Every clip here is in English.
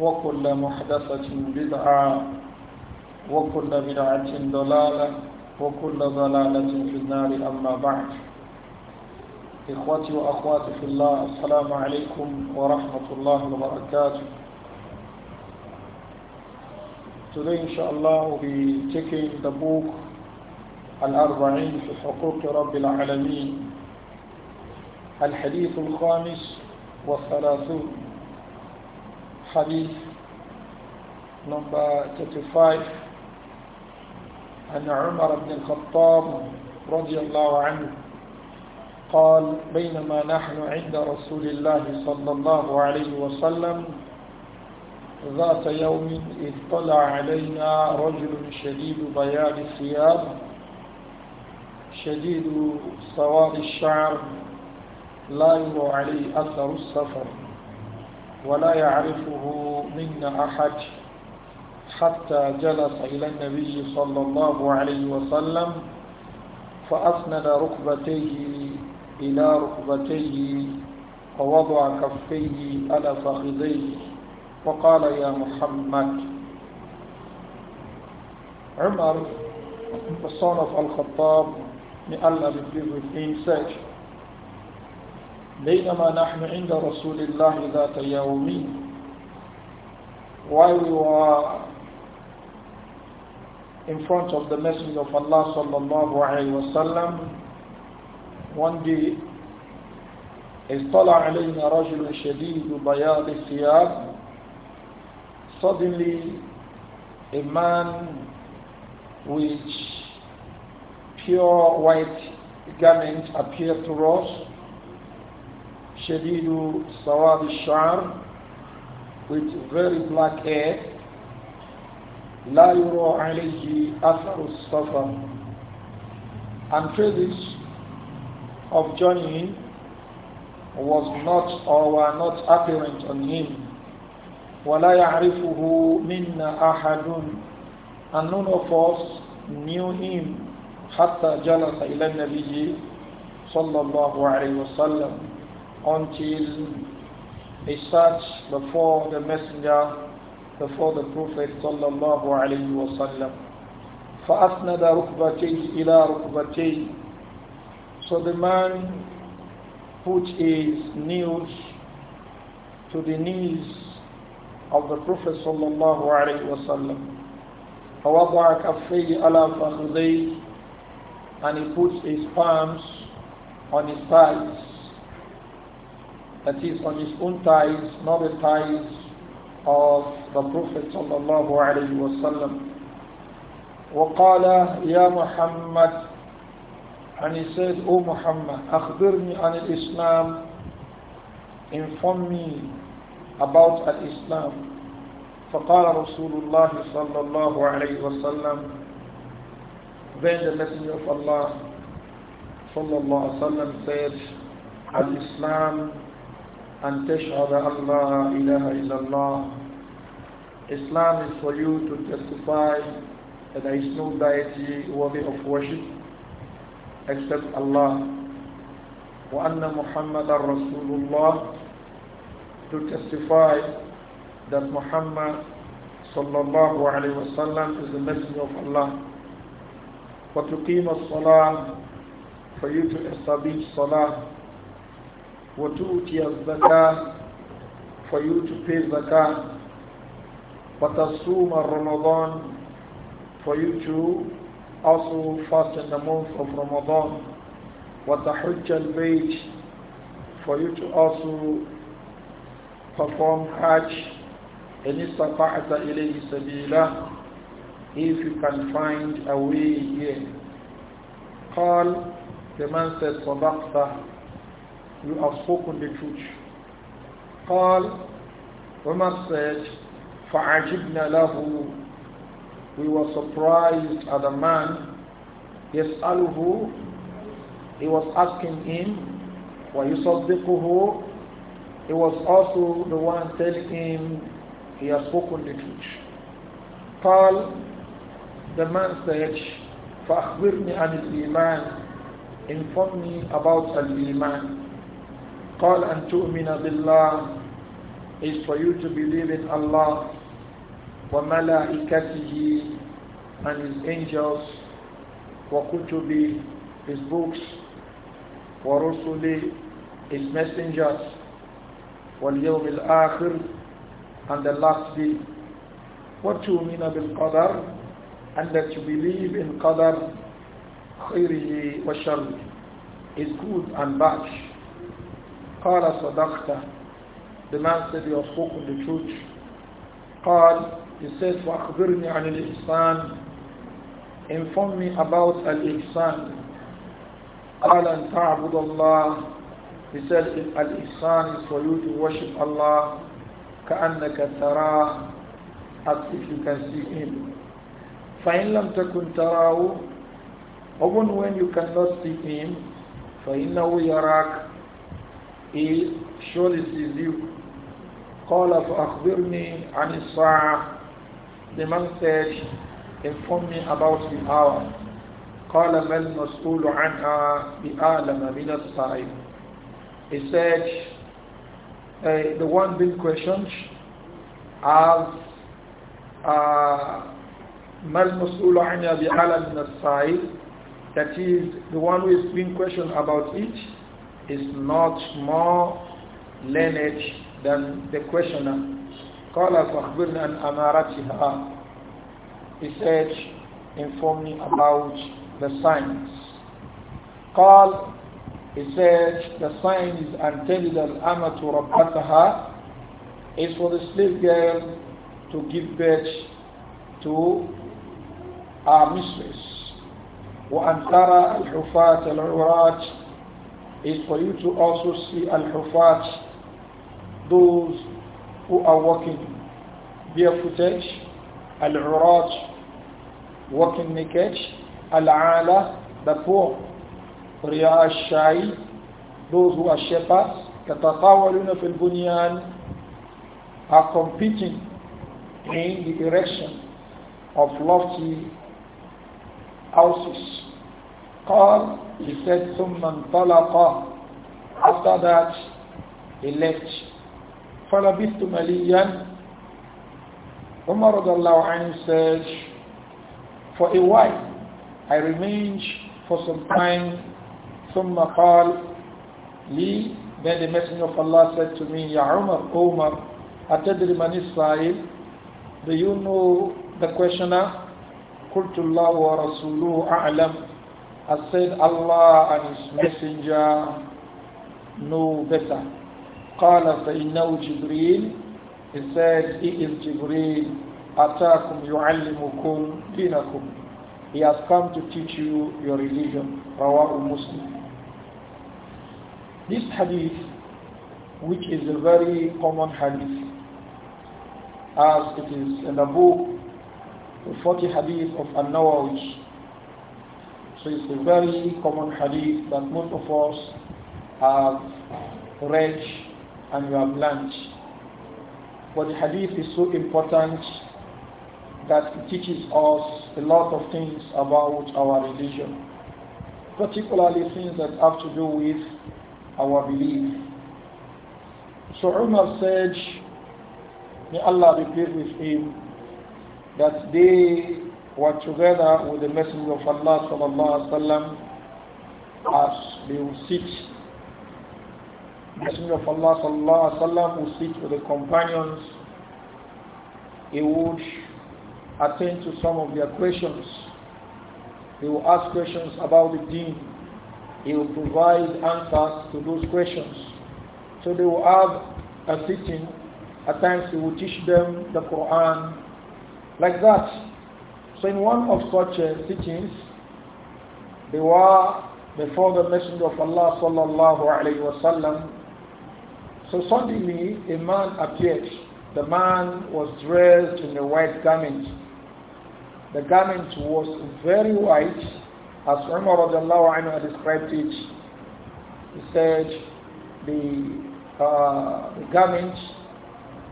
وكل محدثة بدعة وكل بدعة ضلالة وكل ضلالة في النار أما بعد إخوتي وأخواتي في الله السلام عليكم ورحمة الله وبركاته Today inshallah we'll be taking the book الأربعين في حقوق رب العالمين الحديث الخامس والثلاثون حديث number 35 عن عمر بن الخطاب رضي الله عنه قال بينما نحن عند رسول الله صلى الله عليه وسلم ذات يوم اطلع علينا رجل شديد بياض الثياب شديد سواد الشعر لا يرى عليه أثر السفر ولا يعرفه منا أحد حتى جلس إلى النبي صلى الله عليه وسلم فأسند ركبتيه إلى ركبتيه ووضع كفيه على فخذيه وقال يا محمد عمر the son of Al-Khattab, may Allah be pleased with him, said, بينما نحن عند رسول الله ذات يوم while we were in front of the Messenger of Allah الله عليه وسلم, one day اطلع علينا رجل شديد بياض الثياب suddenly a man with pure white garment appeared to us شديد سواد الشعر with very black hair لا يرى عليه أثر السفر and traces of joining was not or were not apparent on him ولا يعرفه منا أحد and none of us knew him حتى جلس إلى النبي صلى الله عليه وسلم until he sat before the messenger, before the Prophet sallallahu alayhi wa sallam. فأسند ركبتيه إلى ركبتيه So the man put his knees to the knees of the Prophet sallallahu alayhi wa sallam. فوضع كفيه على فخذيه and he puts his palms on his thighs that is on his own ties, not the ties of the Prophet sallallahu alaihi wasallam. وقال يا محمد and he said, O Muhammad, أخبرني عن Islam, inform me about Islam. فقال رسول الله صلى الله عليه وسلم Then the Messenger of Allah صلى الله عليه وسلم said, Al-Islam and تشهد أن Allah, إله إلا Islam is for you to testify that there is no deity worthy of worship except Allah وأن محمد رسول Rasulullah to testify that Muhammad sallallahu alayhi wasallam is the messenger of Allah وتقيم Salah, for you to establish salah وتؤتي الزكاة for you to pay zakah as Ramadan for you to also fast in the month of Ramadan وتحج البيت for you to also perform Hajj إن استطعت إليه سبيلا if you can find a way here قال the man said صدقت you have spoken the truth. the man said, فَعَجِبْنَا لَهُ We were surprised at a man, يَسْأَلُهُ He was asking him, وَيُصَدِّقُهُ He was also the one telling him he has spoken the truth. Paul, The man said, فَأَخْبِرْنِي عَنِ الْإِيمَانِ Inform me about al-Iman. قال أن تؤمن بالله is for you to believe in Allah وملائكته and his angels وكتبه his books ورسله his messengers واليوم الآخر and the last day وتؤمن بالقدر and that you believe in قدر خيره وشره is good and bad قال صدقت the man said you have spoken the truth قال he said فأخبرني عن الإحسان inform me about الإحسان قال أن تعبد الله he said if is for you to worship Allah كأنك تراه as if you can see him فإن لم تكن تراه even when you cannot see him فإنه يراك e show esse livro cola para acudir-me a missar man said "Inform me about the hour cola mel mas'ul anha bi alama min as-sa'id he said eh, the one being questioned, as uh, mel mas'ul anha bi alama min as-sa'id that is the one who is being questioned about it is not more learned than the questioner. قال فأخبرنا عن أمارتها He said, inform me about the signs. Call. He said, the signs أن تجد amatu ربتها is for the slave girl to give birth to our mistress. وأن ترى الحفاة العراة is for you to also see al-hufat, those who are walking barefooted, al-urat, walking naked, al-ala, the poor, riya al-shai, those who are shepherds, يتطاولون في البنيان are competing in the erection of lofty houses قال he said ثم انطلق after that he left فلبثت مليا Umar radiallahu anhu says for a while I remained for some time ثم قال لي then the messenger of Allah said to me يا عمر عمر أتدري من السائل do you know the questioner قلت الله ورسوله أعلم has said Allah and His Messenger know better. قال فإنه جبريل He said, He is Jibreel. أتاكم يعلمكم دينكم. He has come to teach you your religion. رواه Muslim. This hadith, which is a very common hadith, as it is in the book, the 40 hadith of An-Nawawi, so it's a very common hadith that most of us have read and we have learned. But the hadith is so important that it teaches us a lot of things about our religion, particularly things that have to do with our belief. So Umar said, May Allah be pleased with him, that they were together with the Messenger of Allah sallallahu alaihi wasallam as they will sit. The Messenger of Allah sallallahu alaihi wasallam will sit with the companions. He would attend to some of their questions. He will ask questions about the deen. He will provide answers to those questions. So they will have a sitting. At times he will teach them the Quran. Like that, so in one of such uh, they were before the Messenger of Allah sallallahu alayhi wasallam. So suddenly a man appeared. The man was dressed in a white garment. The garment was very white, as Umar radiallahu anhu described it. He said the, uh, the garment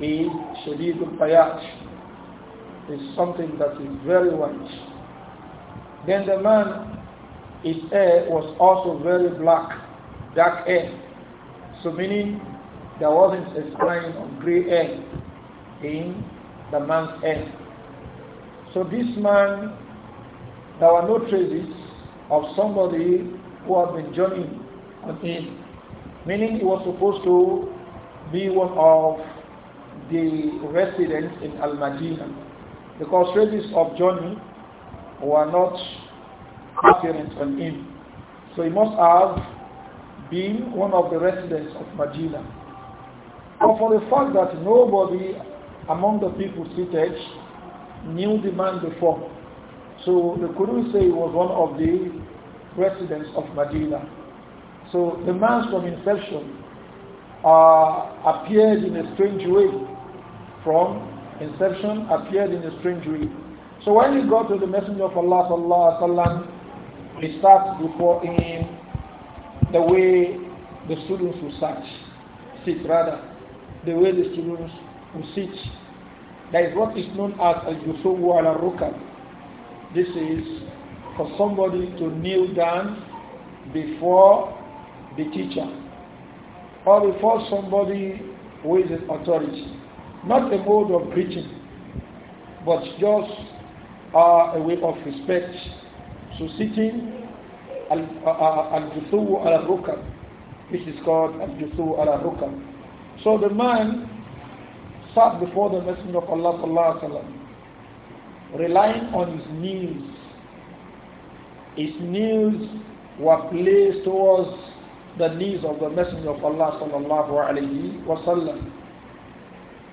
is shadid bayat is something that is very white. Then the man, his hair was also very black, dark hair. So meaning there wasn't a sign of gray hair in the man's hair. So this man, there were no traces of somebody who had been journeying on him. Meaning he was supposed to be one of the residents in Al-Madinah. Because traces of journey were not apparent on him. So he must have been one of the residents of Medina. But for the fact that nobody among the people seated knew the man before, so the couldn't say he was one of the residents of Medina. So the man from inception uh, appeared in a strange way from inception appeared in a strange way. So when he got to the Messenger of Allah sallallahu alaihi wasallam, he sat before him the way the students will sat, sit rather, the way the students will sit. That is what is known as al-jusubu ala rukab. This is for somebody to kneel down before the teacher or before somebody who is in authority. Not a mode of preaching, but just uh, a way of respect. So sitting and uh, uh, juthu al-rukab, which is called al-juthu al-rukab. So the man sat before the Messenger of Allah sallallahu relying on his knees. His knees were placed towards the knees of the Messenger of Allah sallallahu alaihi wasallam.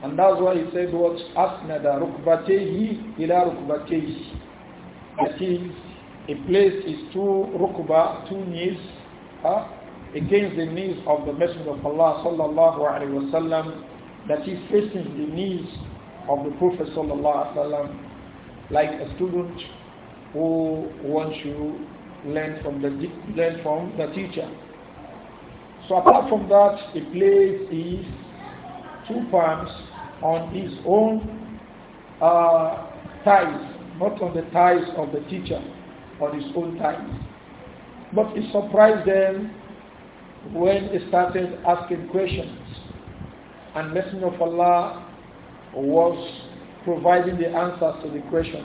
And that's why he said what أَسْنَدَ رُكْبَتَيْهِ إِلَى رُكْبَتَيْهِ That is, a place is two rukba, two knees, huh, against the knees of the Messenger of Allah sallallahu alaihi wasallam, that is facing the knees of the Prophet sallallahu alaihi wasallam, like a student who wants to learn from the learn from the teacher. So apart from that, the place is two palms on his own uh, ties, not on the ties of the teacher, on his own ties. But it surprised them when he started asking questions. And Messenger of Allah was providing the answers to the question.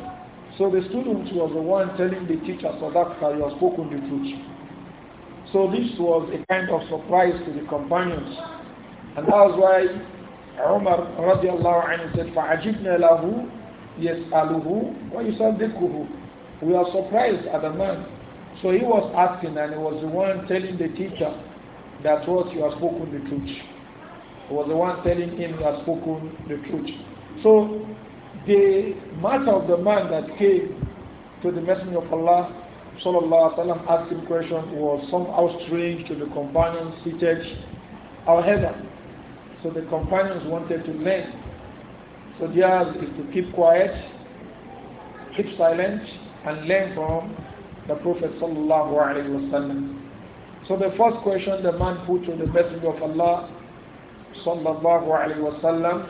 So the student was the one telling the teacher, so that you have spoken the truth. So this was a kind of surprise to the companions. And that was why رضي الله عنه said, فَعَجِبْنَا لَهُ يَسْأَلُهُ وَيُصَدِّقُهُ We are surprised at the man. So he was asking and he was the one telling the teacher that what you have spoken the truth. He was the one telling him you have spoken the truth. So the matter of the man that came to the Messenger of Allah sallallahu alaihi wasallam asked question was somehow strange to the companions seated. However, so the companions wanted to learn. So theirs is to keep quiet, keep silent, and learn from the Prophet sallallahu alaihi wasallam. So the first question the man put to the Messenger of Allah sallallahu alaihi wasallam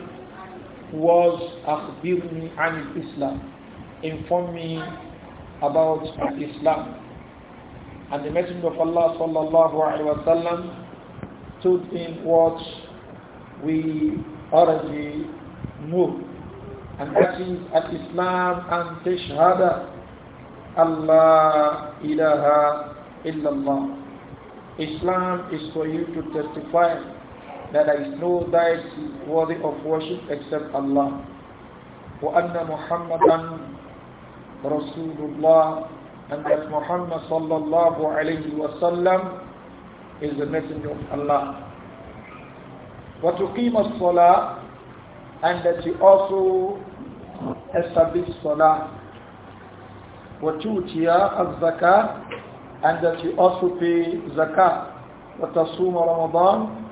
was akhbirni an Islam. Inform me about Islam. And the Messenger of Allah sallallahu alaihi wasallam told him what we already know. And that at Al-Islam and Tashhada Allah ilaha illallah. Islam is for you to testify that there is no deity worthy of worship except Allah. وأن محمدا رسول الله and that Muhammad sallallahu alayhi wa sallam is the messenger of Allah. وَتُقِيمَ Salah, and that you also establish Salah. وَتُؤْتِيَ Zakah, and that you also pay Zakah. وَتَصُومَ Ramadan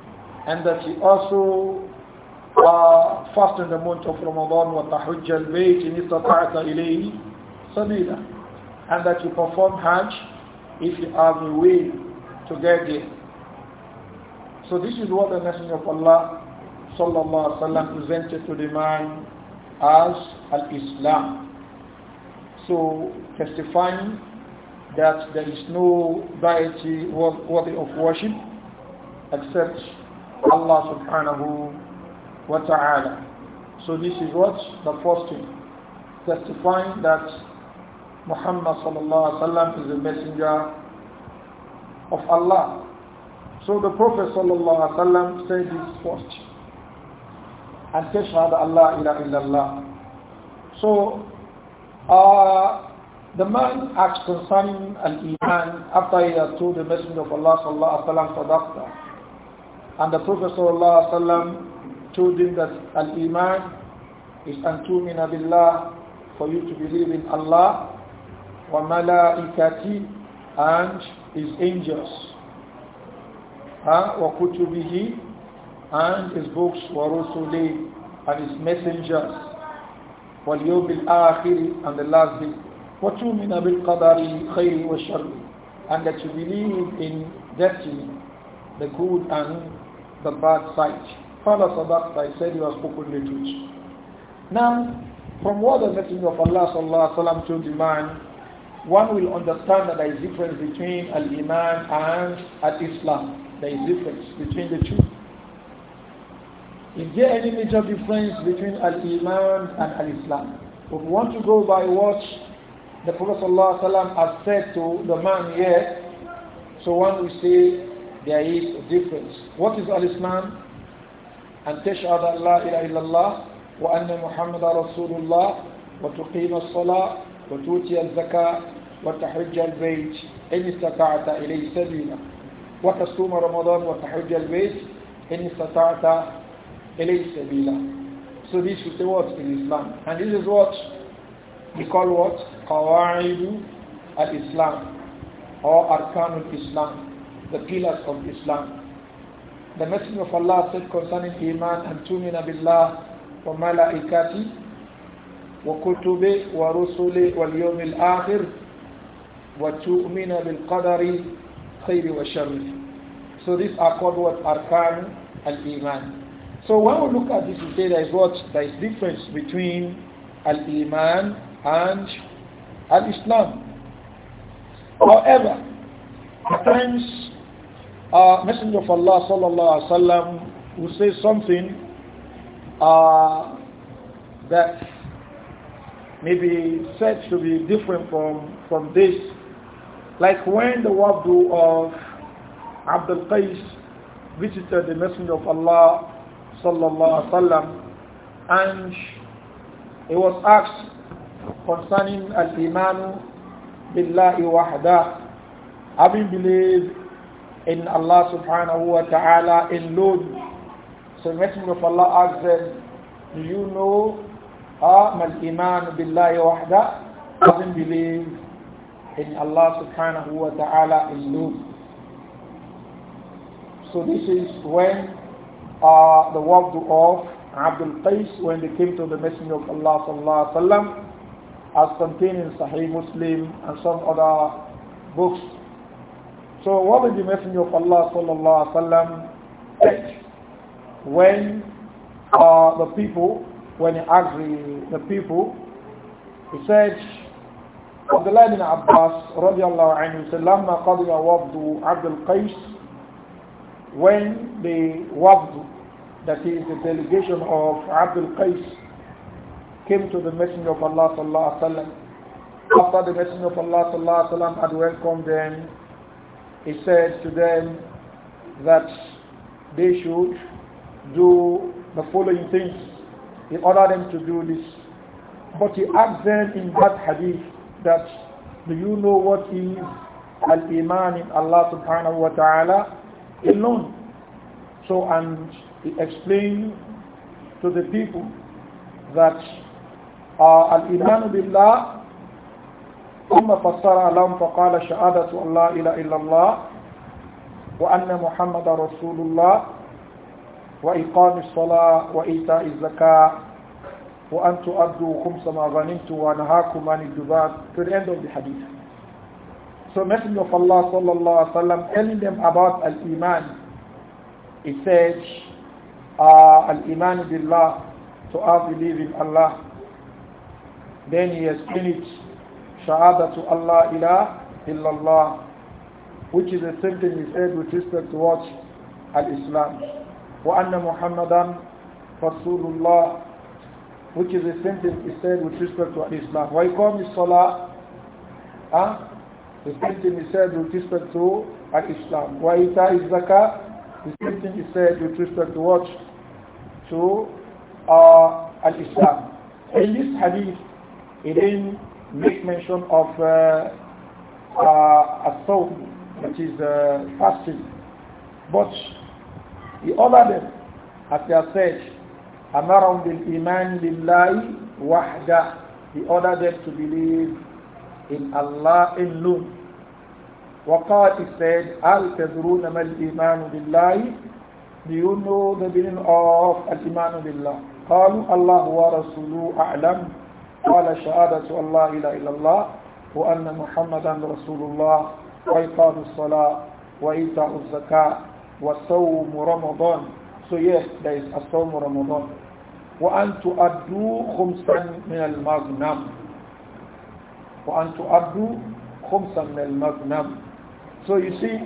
and that you also uh, fast in the month of Ramadan وَتَحُجَّ الْبَيْتِ إِنِ اسْتَطَعْتَ إِلَيْهِ سَبِيلًا and that you perform Hajj if you have a way to get there. So this is what the Messenger of Allah sallallahu wasallam, presented to the man as al-Islam. So testifying that there is no deity worthy of worship except Allah subhanahu wa ta'ala. So this is what the first thing, testifying that Muhammad sallallahu alaihi wasallam is the messenger of Allah. So the Prophet ﷺ said this first. And said, Shahada Allah ila illallah. So, uh, the man asked concerning al-Iman after he had told the Messenger of Allah sallallahu alaihi wasallam sadaqta. And the Prophet sallallahu alaihi wasallam told him that al-Iman is antumina billah for you to believe in Allah wa malaikati and his angels وَكُتُبِهِ and his books وَرُسُلِهِ and his messengers وَالْيَوْمِ الْآخِرِ and the last day وَتُؤْمِنَ بِالْقَدَرِ خَيْرِ وَشَرِّ and that you believe in destiny the good and the bad side Father Sadat I said you have spoken the truth now from what the messenger of Allah sallallahu alaihi wasallam told the man one will understand that there is difference between al-iman and al-islam there is difference between the two. Is there any major difference between Al-Iman and Al-Islam? If we want to go by what the Prophet ﷺ has said to the man here, so one will say there is a difference. What is Al-Islam? أن تشهد أن لا إله إلا الله وأن محمد رسول الله وتقيم الصلاة وتؤتي الزكاة وتحج البيت إن استطعت إليه سبيلا وتصوم رمضان وتحج البيت إن استطعت إليه سبيلا So this is what in Islam. And this is what we call what? do at islam or Arkanul Islam, the pillars of Islam. The Messenger of Allah said concerning Iman and Tumina Billah wa Malaikati wa Kutubi wa Rusuli wal Yawmil wa Tu'mina bil Qadari khayri wa So these are called what? Arkan al-Iman. So when we look at this, we say there is what? There is difference between al-Iman and al-Islam. However, at times, uh, Messenger of Allah sallallahu alaihi wasallam will say something uh, that may be said to be different from, from this like when the wabdu of Abdul Qais visited the Messenger of Allah sallallahu alaihi wasallam and he was asked concerning al-iman billahi wahda having believed in Allah subhanahu wa ta'ala in Lord so Messenger of Allah asked them do you know ah, um, mal iman billahi wahda having believed in Allah subhanahu wa ta'ala alone. So this is when uh, the work of Abdul Qais when they came to the Messenger of Allah sallallahu alaihi wasallam as contained in Sahih Muslim and some other books. So what did the Messenger of Allah sallallahu alaihi wasallam say when uh, the people when he asked the, the people he said Abdullah bin Abbas radiallahu anhu said, لَمَّا قَضِيَ وَفْدُ عَبْدُ الْقَيْسِ When the wafd, that is the delegation of Abdul Qais, came to the Messenger of Allah sallallahu alaihi wasallam, after the Messenger of Allah sallallahu alaihi wasallam had welcomed them, he said to them that they should do the following things. He ordered them to do this. But he asked them in that hadith that do you know what is al-iman in Allah subhanahu wa ta'ala alone? So and he explained to the people that uh, al-iman billah ثم فسرها لهم فقال شهادة أن لا إله إلا الله وأن محمد رسول الله وإقام الصلاة وإيتاء الزكاة to the end of the hadith. So Messenger of Allah sallallahu alaihi wasallam telling them about al-Iman. He says, uh, ah, al-Iman billah, to have believe in Allah. Then he explains, shahada to Allah ilah illallah, which is the same thing he said with respect to what? Al-Islam. وأن محمدا muhammadan الله which is the same thing is said with respect to Islam. وَيْقَوْمِ Salah? huh? The same thing is said with respect to Al-Islam. وَإِتَاءِ Zakah? The same thing is said with respect to what? To uh, Al-Islam. In this hadith, it didn't make mention of uh, uh, a soul, which is uh, fasting. But the other them, as they are said, أمرهم بالإيمان بالله وحده He ordered them to believe in Allah alone. وقال he said, هل تدرون ما الإيمان بالله? Do you know the meaning of الإيمان بالله? قالوا الله ورسوله أعلم قال شهادة الله لا إله إلا الله وأن محمدا رسول الله وإقام الصلاة وإيتاء الزكاة وصوم رمضان. So yes, there is a of Ramadan. وأن تؤدوا خمسا من المغنم وأن تؤدوا خمسا من المغنم So you see,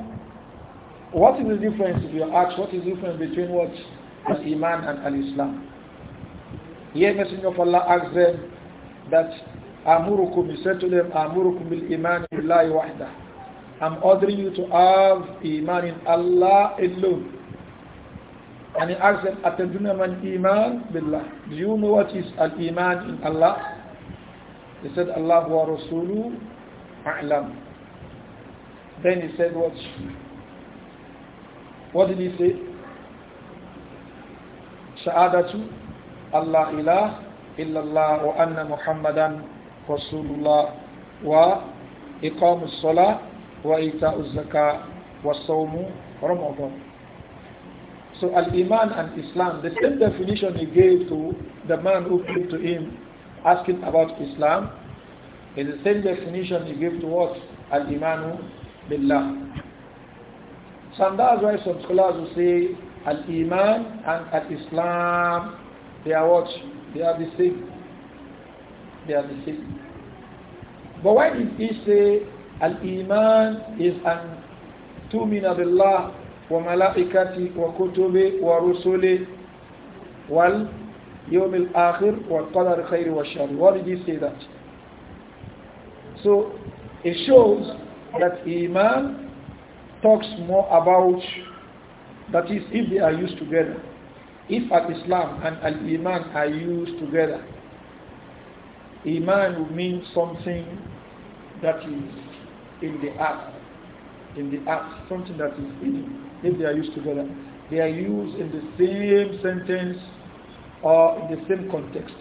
what is the difference if you ask what is the difference between what Al-Iman and Al-Islam? Here Messenger of Allah asked them that Amurukum, he said to them, Amurukum bil iman billahi wahda. I'm ordering you to have iman in Allah alone. And he asked من إيمان بالله Do you know what is al-iman in Allah? He said, Allah wa Rasulu a'lam. Then he said what? What did he say? شهادة الله إله إلا الله وأن محمدا رسول الله وإقام الصلاة وإيتاء الزكاة والصوم رمضان So Al-Iman and Islam, the same definition he gave to the man who came to him asking about Islam, is the same definition he gave to what? Al-Imanu Billah. So that's why some scholars will say Al-Iman and Al-Islam, they are what? They are the same. They are the same. But why did he say Al-Iman is an تؤمن billah. وملائكته وكتبه ورسله واليوم الآخر والقدر خير والشر What did he say that? So it shows that Iman talks more about that is if they are used together. If Al-Islam and Al-Iman are used together, Iman would mean something that is in the earth, in the earth, something that is in if they are used together. They are used in the same sentence or in the same context.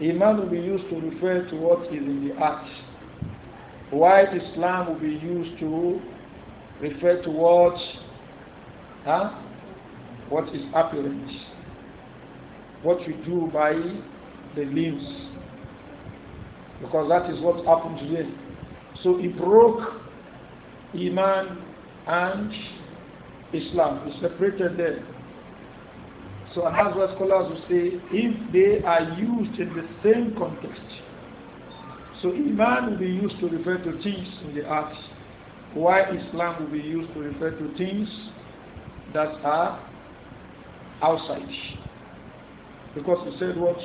Iman will be used to refer to what is in the act, White Islam will be used to refer to what, huh? what is apparent, what we do by the limbs, because that is what happened today. So it broke Iman and Islam. He separated them. So and as what scholars will say, if they are used in the same context. So Iman will be used to refer to things in the act. Why Islam will be used to refer to things that are outside. Because he said what?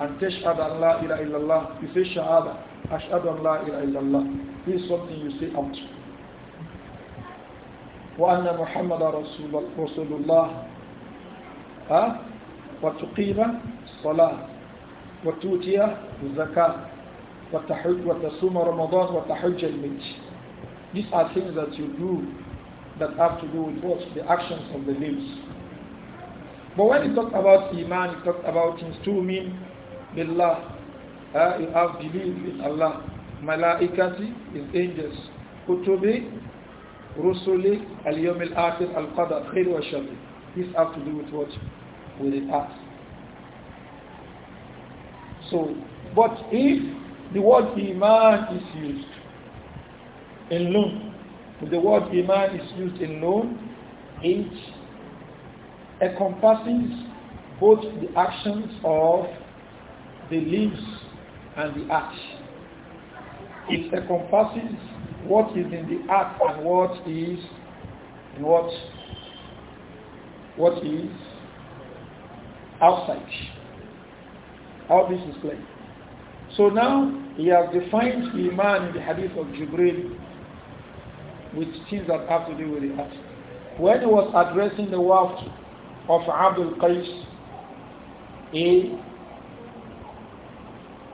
And tashhad an la ilaha illallah. You say shahada. Ashhadu an la ilaha illallah. This is something you say out. وأن محمد رسول, رسول الله أه؟ وتقيم الصلاة وتؤتي الزكاة وتحج وتصوم رمضان وتحج البيت These are things that you do that have to do with what? The actions of the lips. But when you talk about Iman, you talk about things to mean Billah. Uh, you have belief in Allah. Malaikati is angels. Kutubi Rusuli al akhir al-Qadr wa This has to do with what? With the earth. So, but if the word Iman is used in Noon, if the word Iman is used in Noon, it encompasses both the actions of the leaves and the acts it encompasses what is in the act and what is what what is outside. How this is played. So now he has defined the man in the hadith of Jibril with things that have to do with the act. When he was addressing the work of Abdul Qais, he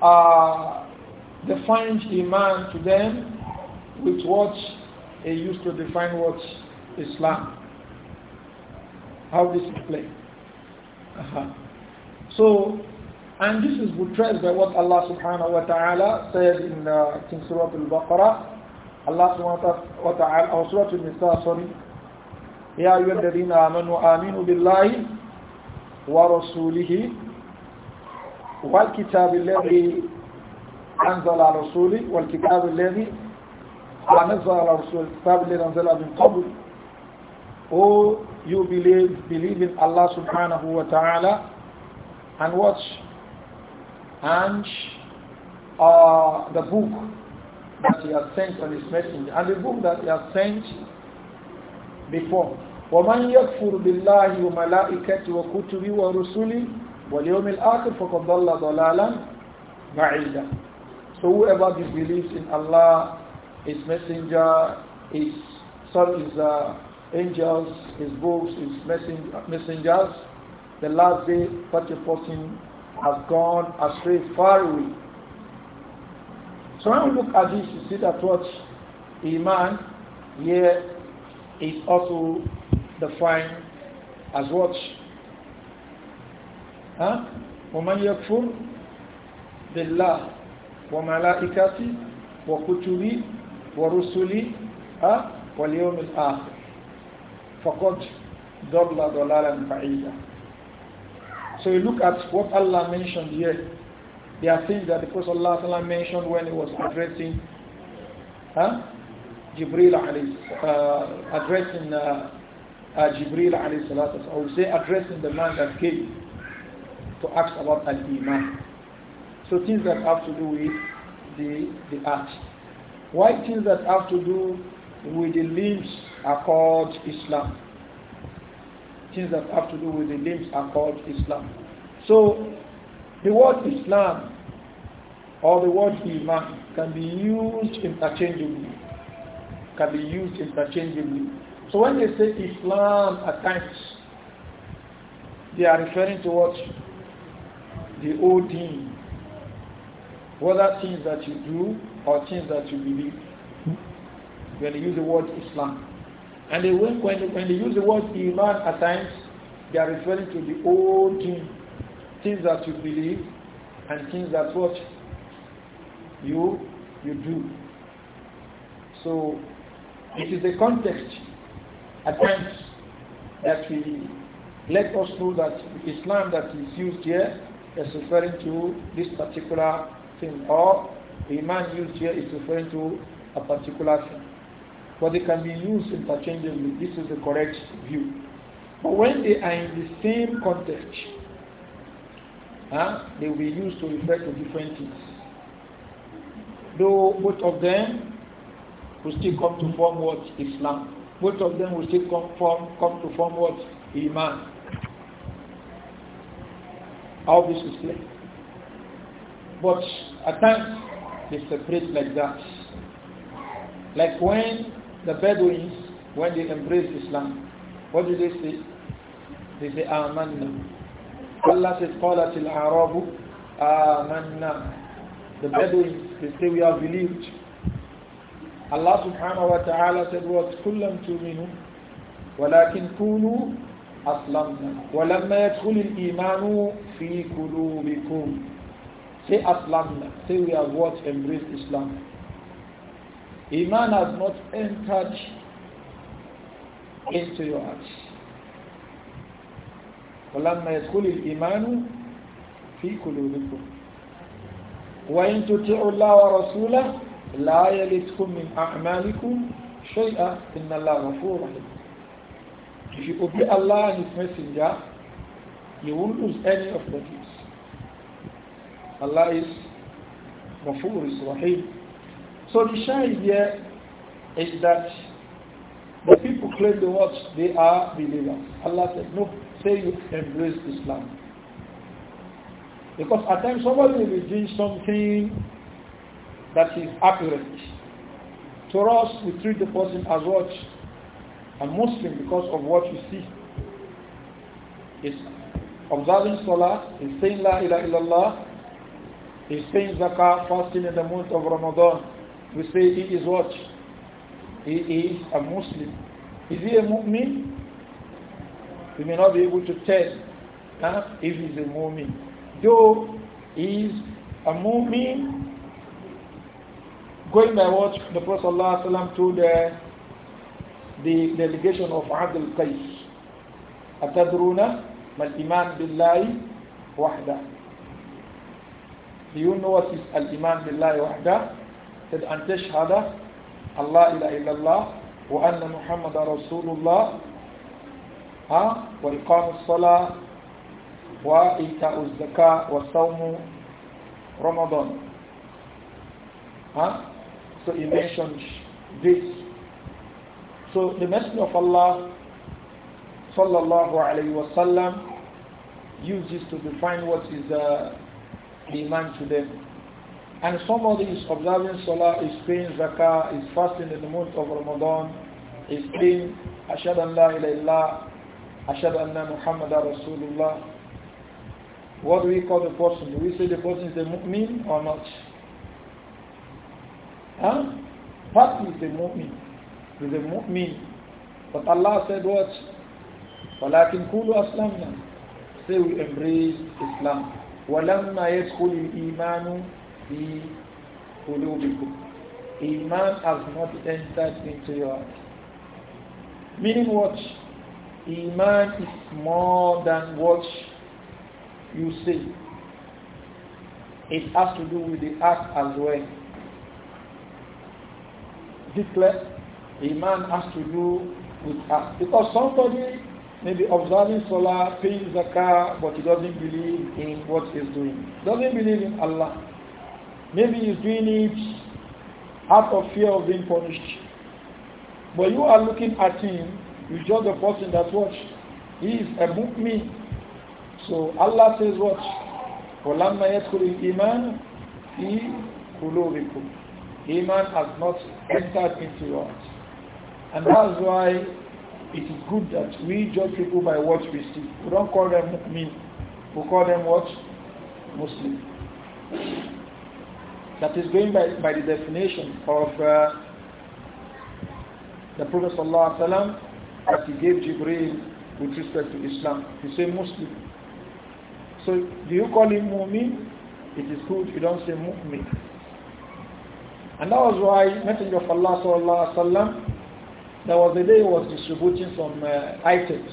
uh, defines Iman to them with what he used to define what Islam. How this is played. Uh -huh. So, and this is buttressed by what Allah subhanahu wa ta'ala said in, uh, in Surah Al-Baqarah. Allah subhanahu wa ta'ala, or Surah Al-Nisa, sorry. يا أيها الذين آمنوا آمنوا بالله ورسوله والكتاب الذي أنزل على رسوله والكتاب الذي أنزل على رسوله الكتاب الذي أنزل من قبل Oh, you believe, believe in Allah subhanahu wa ta'ala and watch and uh, the book that he has sent on his messenger and the book that he has sent before. ومن يكفر بالله وملائكته وكتبه ورسله واليوم الآخر فقد ضل ضلالا بعيدا so whoever disbelieves in Allah, His Messenger, His son, His uh, angels, His books, His messengers, the last day such a has gone astray far away. So when we look at this, you see that what Iman here is also defined as what? Huh? ومن the بالله وملائكتي وكتبي ورسلي واليوم الآخر فقد ضل ضلالا بعيدا So you look at what Allah mentioned here. There are things that the Prophet Allah mentioned when he was addressing huh? Jibril, uh, addressing uh, uh, Jibreel alayhi salatu, or say addressing the man that came to ask about al-Iman. So things that have to do with the, the heart. Why things that have to do with the limbs are called Islam. Things that have to do with the limbs are called Islam. So the word Islam or the word Iman can be used interchangeably. Can be used interchangeably. So when they say Islam at times, they are referring to what? The old deen, whether things that you do or things that you believe. When they use the word Islam. And they, when, when, when they use the word Iman at times, they are referring to the old thing, things that you believe and things that what you, you do. So it is the context at times that we let us know that Islam that is used here is referring to this particular thing or the iman used here is referring to a particular thing. But they can be used interchangeably. This is the correct view. But when they are in the same context, huh, they will be used to refer to different things. Though both of them will still come to form what Islam. Both of them will still come, form, come to form what Iman. Obviously. But at times, they separate like that. Like when the Bedouins, when they embrace Islam, what do they say? They say, Amanna. Allah says, al-Arabu, Amanna." The Bedouins, they say, we are believed. Allah subhanahu wa ta'ala said, وَكُلَّمْ تُؤْمِنُوا وَلَكِنْ كُونُوا أَسْلَمْنَا وَلَمَّا يَدْخُلِ imanu fi قُلُوبِكُمْ Say Aslam, say we have what? Embrace Islam. A man has not entered into your heart. ولما يدخل الإيمان في قلوبكم وإن تطيعوا الله ورسوله لا يلدكم من أعمالكم شيئا إن الله غفور رحيم If you obey Allah and His Messenger, you won't lose any of the gifts. Allah is Ghafur, is Rahim. So the idea here is that the people claim the words, they are believers. Allah said, no, say you embrace Islam. Because at times somebody will be doing something that is apparent. To us, we treat the person as what? A Muslim because of what we see. It's observing Salah, it's saying La ilaha illallah, He's saying zakah, fasting in the month of Ramadan. We say he is what? He is a Muslim. Is he a mu'min? We may not be able to tell huh, if he's a mu'min. Though he is a mu'min, going by what the Prophet ﷺ told the, the delegation of Abdul Qais, أتدرون ما الإيمان بالله وحده do you know what is al-iman billahi wahda? Said, an tashhada, Allah ila Allah wa anna Muhammad Rasulullah, ha? wa iqam salah wa ita'u zakah wa sawmu Ramadan. Huh? So he mentioned this. So the message of Allah sallallahu alayhi wa sallam uses to define what is uh, iman to them. And somebody is observing Salah, is paying Zakah, is fasting in the month of Ramadan, is praying Ashad an la ilaha illallah, Ashad anna Muhammad Rasulullah. What do we call the person? Do we say the person is a mu'min or not? Huh? What is the mu'min? Is the mu'min. But Allah said what? وَلَكِنْ كُلُوا أَسْلَمْنا Say we embrace Islam. وَلَمَّا يَدْخُلِ الْإِيمَانُ فِي قُلُوبِكُمْ Iman has not entered into your heart. Meaning what? Iman is more than what you say. It has to do with the act as well. Declare, Iman has to do with act. Because somebody maybe observing Salah, paying Zakah, but he doesn't believe in what he's doing. Doesn't believe in Allah. Maybe he's doing it out of fear of being punished. But you are looking at him, you judge a person that watch. He is a mu'min. So Allah says what? وَلَمَّا يَدْخُلِ الْإِيمَانُ فِي قُلُوبِكُمْ Iman has not entered into your heart. And that's why it is good that we judge people by what we see. We don't call them mu'min. We call them what? Muslim. That is going by, by the definition of uh, the Prophet sallallahu wasallam that he gave Jibreel with respect to Islam. He said Muslim. So do you call him mu'min? It is good you don't say mu'min. And that was why Messenger of Allah sallallahu alaihi wasallam there was a day he was distributing some uh, items.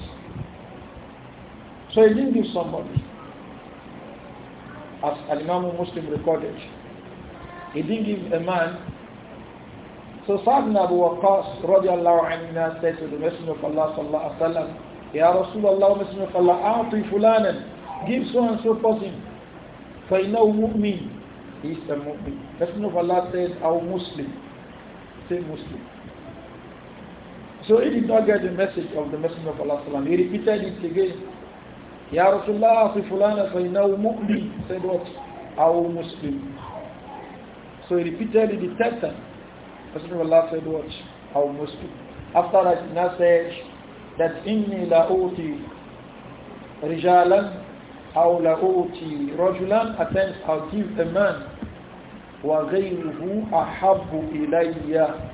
So he didn't give somebody. As Al-Imam Muslim recorded, he didn't give a man. So Sa'd ibn Abu Waqqas radiallahu anhu said to the Messenger of Allah sallallahu alaihi wasallam, Ya Rasulullah, Messenger of Allah, A'ti fulanan, give so and so person, فَإِنَّهُ مُؤْمِنٌ He is a mu'min. Messenger of Allah said, Our Muslim, say Muslim. So he did not get the message of the Messenger of Allah. He repeated it again. Ya Rasulullah, fi fulana fa innahu mu'min. Said what? Our Muslim. So he repeated it the third time. Messenger of Allah said what? Our Muslim. After that, he now said that inni la'uti rijalan aw la'uti rajulan. At I'll give a man wa ghayruhu ahabu ilayya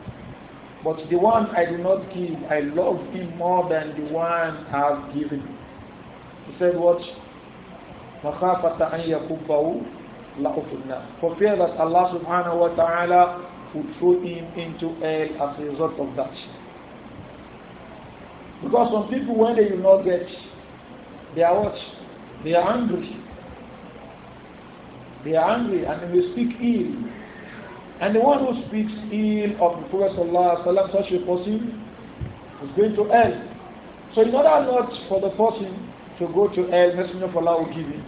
but the one I do not give, I love him more than the one I have given. He said, What? For fear that Allah subhanahu wa ta'ala would throw him into hell as a result of that. Because some people, when they do not get, they are what? They are angry. They are angry and they will speak ill and the one who speaks ill of the Prophet Sallallahu such a person is going to hell. So in order not for the person to go to hell, Messenger of Allah will give him.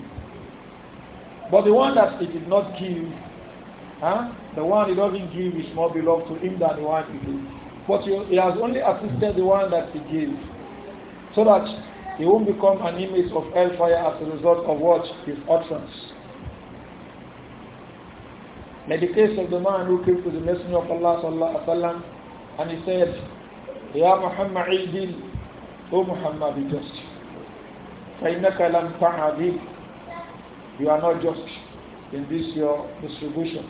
But the one that he did not give, huh? the one he doesn't give is more belong to him than the one he gave. But he has only assisted the one that he gave. So that he won't become an image of hellfire as a result of what? His utterance. Like the case of the man who came to the Messenger of Allah sallallahu alaihi wasallam and he said, Ya Muhammad Idil, O Muhammad, be just. فَإِنَّكَ لَمْ تَعَدِلْ You are not just in this your distribution.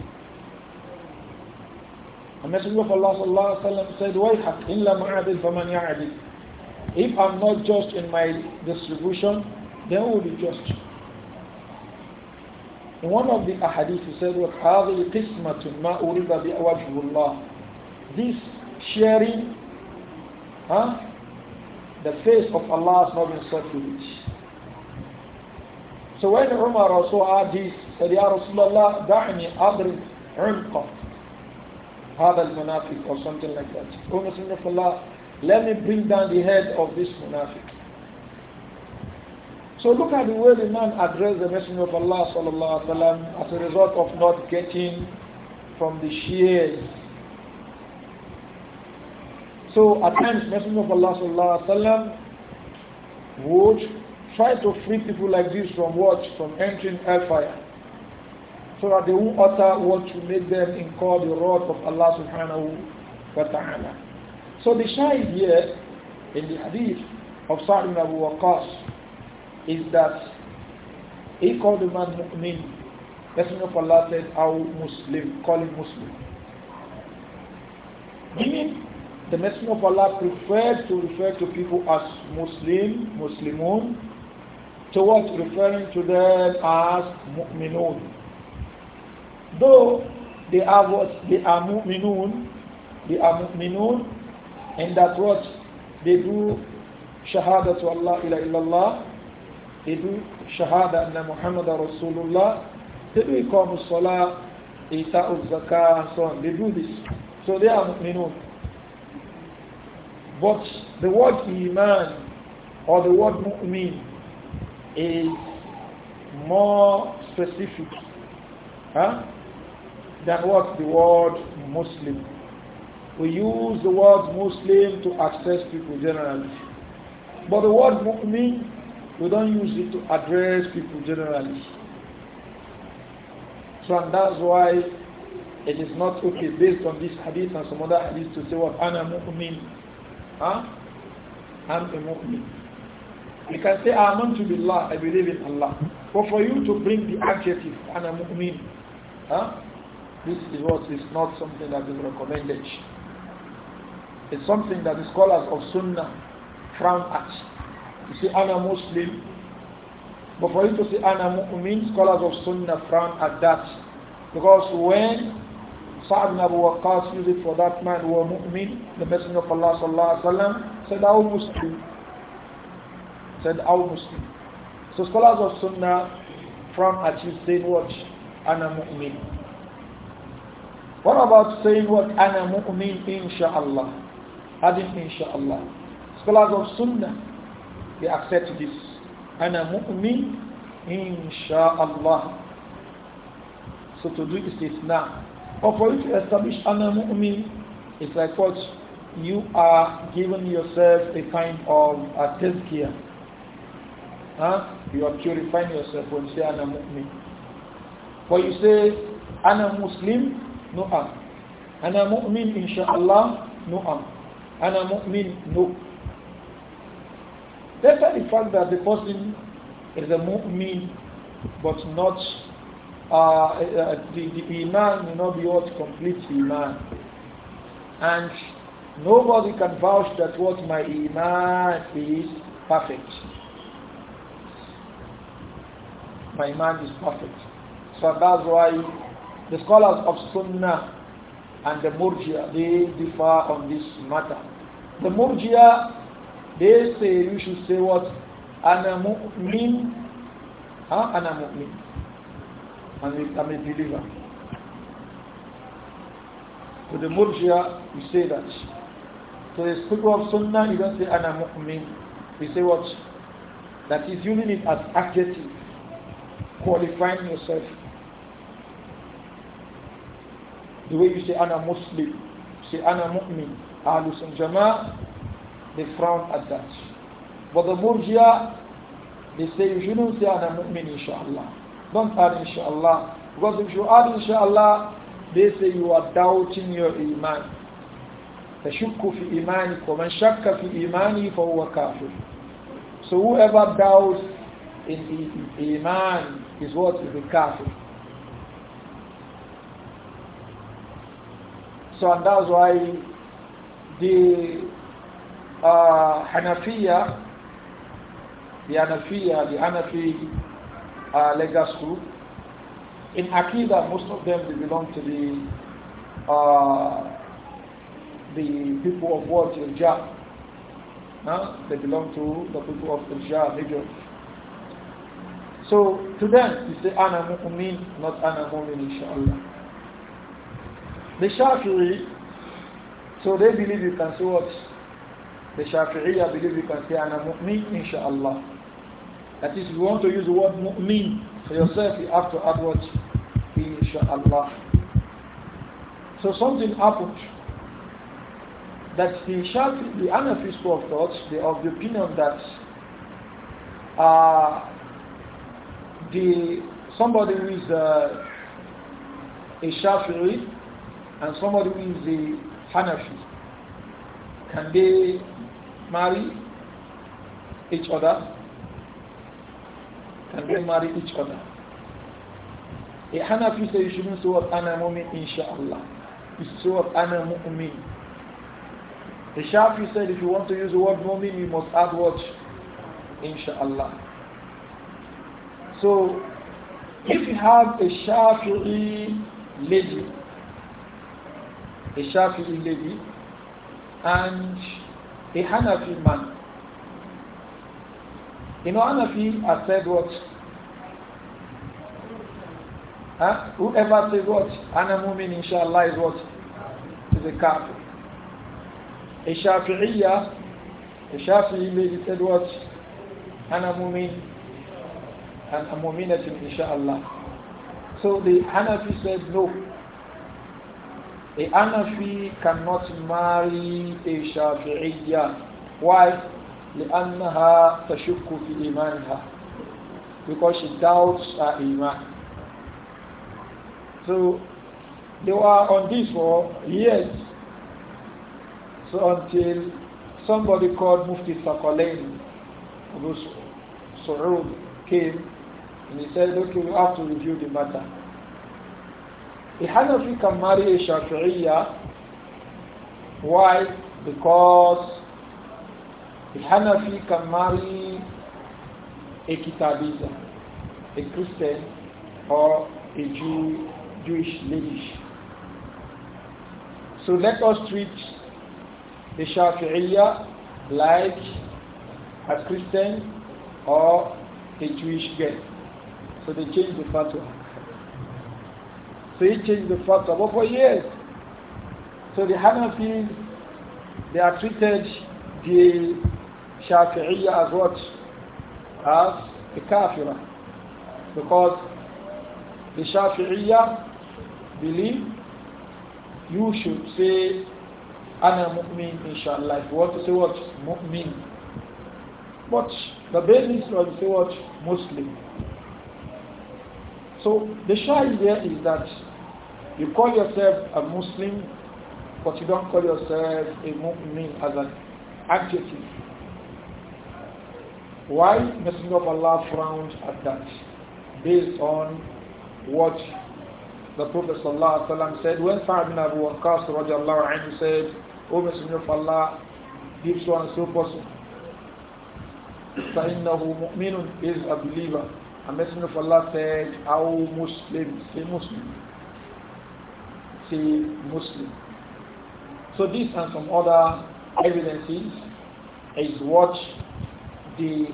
The Messenger of Allah sallallahu alaihi wasallam said, وَيْحَقْ illa ma'adil faman ya'adil. If I'm not just in my distribution, then who will be just? In one of the ahadith, he said, وَهَذِهِ قِسْمَةٌ مَا أُرِبَ بِأَوَجْهُ اللَّهِ This sharing, huh? the face of Allah is not been set with So when Umar also heard this, said, Ya Rasulullah, دعني أضرب عنقه هذا المنافق or something like that. Umar Messenger Allah, let me bring down the head of this munafiq. So look at the way the man addressed the Messenger of Allah sallallahu alaihi wasallam as a result of not getting from the shears. So at times, Messenger of Allah sallallahu alaihi wasallam would try to free people like this from what? From entering hellfire. So that they won't utter what to make them incur the wrath of Allah subhanahu wa ta'ala. So the shahid here in the hadith of Sa'd ibn Abu Waqqas is that he called the man mu'min. Messenger of Allah said, "Our Muslim, call him Muslim." Meaning, the Messenger of Allah preferred to refer to people as Muslim, Muslimun, towards referring to them as mu'minun. Though they are what they are mu'minun, they are mu'minun, and that what they do shahada to Allah ila illallah يدو do shahada محمد رسول الله they do إقام الصلاة إيتاء الزكاة and so on they do this so they are مؤمنون but the word iman or the word mu'min is more specific huh, than what the word Muslim. We use the word Muslim to access people generally. But the word mu'min we don't use it to address people generally. So and that's why it is not okay based on this hadith and some other hadith to say what ana mu'min. Huh? I'm a mu'min. You can say unto Allah, I believe in Allah. But for you to bring the adjective ana mu'min, huh? this is what is not something that is recommended. It's something that the scholars of Sunnah frown at to say I'm a Muslim, but for you to say I'm a Mu'min, scholars of Sunnah frown at that. Because when Sa'ad ibn Abu Waqqas used it for that man who was Mu'min, the Messenger of Allah sallallahu alaihi wasallam said, "Our Muslim." Said, "Our Muslim." So scholars of Sunnah frown at you saying what? Ana mu'min. What about saying what? Ana mu'min, inshallah. Hadith, inshallah. Scholars of Sunnah they accept this. Ana mu'min insha'Allah. So to do is this now. Or for you to establish ana mu'min, it's like what? You are giving yourself a kind of a tazkiyah. Huh? You are purifying yourself when you say ana mu'min. But you say ana muslim, no am. Ana mu'min insha'Allah, no am. Ana mu'min, no. Despite the fact that the person is a mu'min, but not uh, uh, uh the, the iman will not be what complete iman. And nobody can vouch that what my iman is perfect. My iman is perfect. So that's why the scholars of Sunnah and the Murjia, they differ on this matter. The Murjia they say you should say what? Ana mu'min. Huh? Ana mu'min. I'm a, I'm a believer. To the Murjia, you say that. To the speaker of Sunnah, you don't say Ana mu'min. You say what? That is using it as adjective, qualifying yourself. The way you say Ana Muslim, say Ana mu'min. Ahlus and Jama'ah, they frown at that. But the Murjia, they say you shouldn't say I'm a mu'min inshallah. Don't add inshallah. Because if you add inshallah, they say you are doubting your iman. تشك في إيمانك ومن شك في إيمانه فهو كافر so whoever doubts in iman is what is the kafir so and that's why the Hanafiya, the Hanafiya, the Hanafi uh, legal school. In Akida, most of them they belong to the uh, the people of what Irja. Huh? They belong to the people of Irja, region. So to them, you say ana mu'min, not ana mu'min, inshallah. The Shafi'i, so they believe you can see what the I believe you can say, I'm a mu'min, insha'Allah. That is, if you want to use the word mu'min for yourself, you have to add what? Insha'Allah. So something happened that the Shafi, the Hanafi school of thought, they of the opinion that uh, the somebody who is uh, a Shafi'i and somebody who is a Hanafi, can they marry each other? Can they marry each other? A Hanafi says you shouldn't say what ana insha'Allah. You should say what ana The Shafi said if you want to use the word mu'min you must add what? Insha'Allah. So if you have a Shafi'i lady, a Shafi'i lady, and a Hanafi man. You know, Hanafi has said what? Huh? Whoever says what? Ana Mumin, inshallah, is what? Is a kafir. A Shafi'iyya, a Shafi'i lady said what? Ana Mumin, and a Muminatin, inshallah. So the Hanafi said no. A Hanafi cannot marry a Shafi'iyya. Why? لأنها تشك في إيمانها because she doubts her iman. So they were on this for years. So until somebody called Mufti Sakalain, Abu came and he said, okay, we have to review the matter. The Hanafi can marry a Shafi'iyya. Why? Because the Hanafi can marry a Kitabisa, a Christian, or a Jew, Jewish lady. So let us treat the Shafi'iyya like a Christian or a Jewish girl. So they change the fatwa. They he changed the fatwa, but for years. So the Hanafis, they are treated the Shafi'iyya as what? As the kafirah. Because the Shafi'iyya believe you should say Ana Mu'min inshallah. If you want to say what? Mu'min. But the basis to say what? Muslim. So the shah is that you call yourself a Muslim, but you don't call yourself a mu'min as an adjective. Why Messenger of Allah frowned at that based on what the Prophet ﷺ said when Saad would bin Abu Waqqas anhu said, O Messenger of Allah, give so and so person. فَإِنَّهُ مُؤْمِنٌ is a believer. And Messenger of Allah said, أَوْ Muslim, say Muslim say Muslim. So this and some other evidences is what the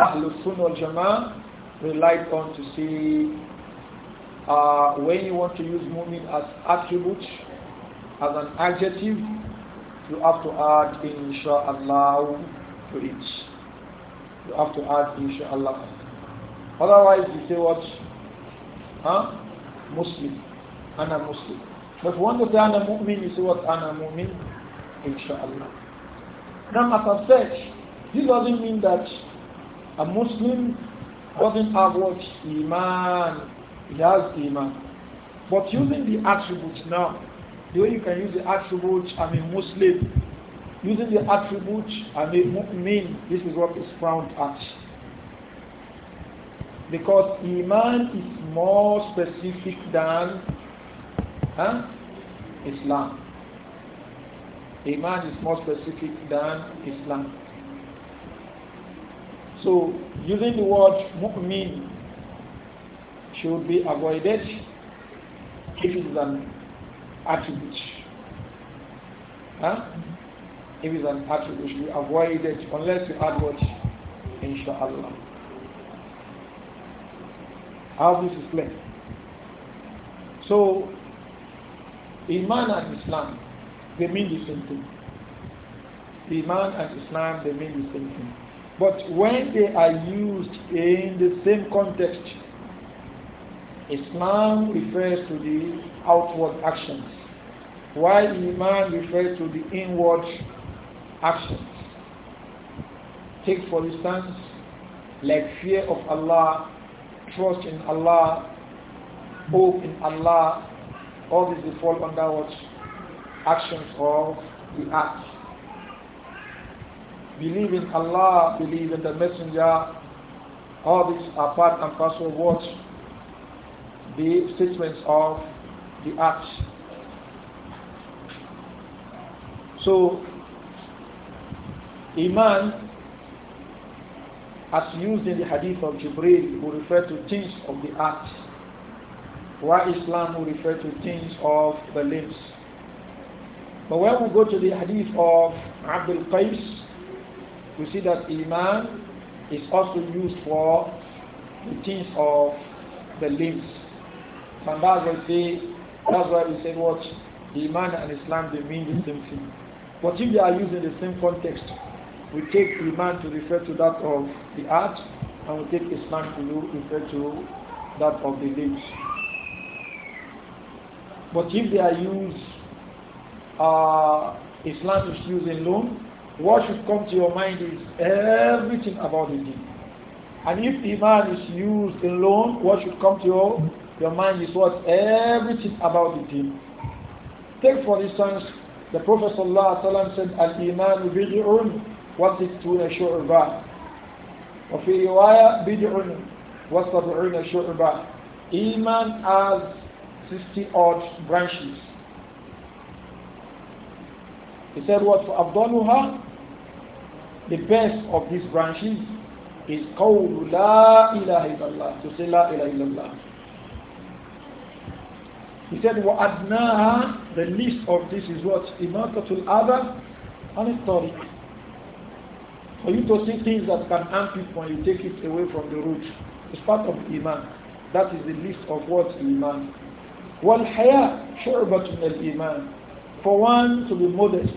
Ahlul Sunnah Jama'ah relied on to see uh, when you want to use mu'min as attribute, as an adjective, you have to add insha'Allah to it. You have to add insha'Allah. Otherwise you say what? Huh? Muslim. Ana Muslim. But when you say ana mu'min, you see what ana mu'min, inshallah. Now as I said, this doesn't mean that a Muslim doesn't have what iman, he has iman. But using the attributes now, the way you can use the attributes, I'm a Muslim, using the attributes, I'm a mu'min, this is what is frowned at because iman is more specific than huh? Islam. Iman is more specific than Islam. So using the word mu'min should be avoided if it is an attribute. Huh? If it is an attribute, should be avoided unless you add what? Inshallah. How this is clear. So Iman and Islam, they mean the same thing. Iman and Islam, they mean the same thing. But when they are used in the same context, Islam refers to the outward actions, while Iman refers to the inward actions. Take for instance, like fear of Allah, trust in Allah, hope in Allah, all these will fall under what? Actions of the act. Believe in Allah, believe in the Messenger. All these are part and parcel of what? The statements of the act. So, Iman as used in the hadith of Jibril, who refer to things of the act. Why Islam will refer to things of the limbs. But when we go to the hadith of Abdul Qais, we see that Iman is also used for the things of the limbs. And that's why, that's why we say what Iman and Islam they mean the same thing. But if they are used in the same context, we take Iman to refer to that of the heart and we take Islam to refer to that of the limbs. But if they are used, uh, Islam is used loan, what should come to your mind is everything about the deen. And if Iman is used loan, what should come to your, your mind is what? Everything about the deen. Take for instance, the Prophet ﷺ said, Al-Iman bid'un wa sittuna shu'ba. وفي رواية بدع وسبعون شعبة. Iman as." 60 odd branches. He said, What for Abdullah? The best of these branches is called La Ilaha Illallah to say La Ilaha Illallah." he said وأدناها the least of this is what إماتة الأذى عن الطريق for you to see things that can harm it when you take it away from the root it's part of Iman that is the least of what Iman وَالْحَيَاءُ شُعْبَةٌ مِنَ iman For one to be modest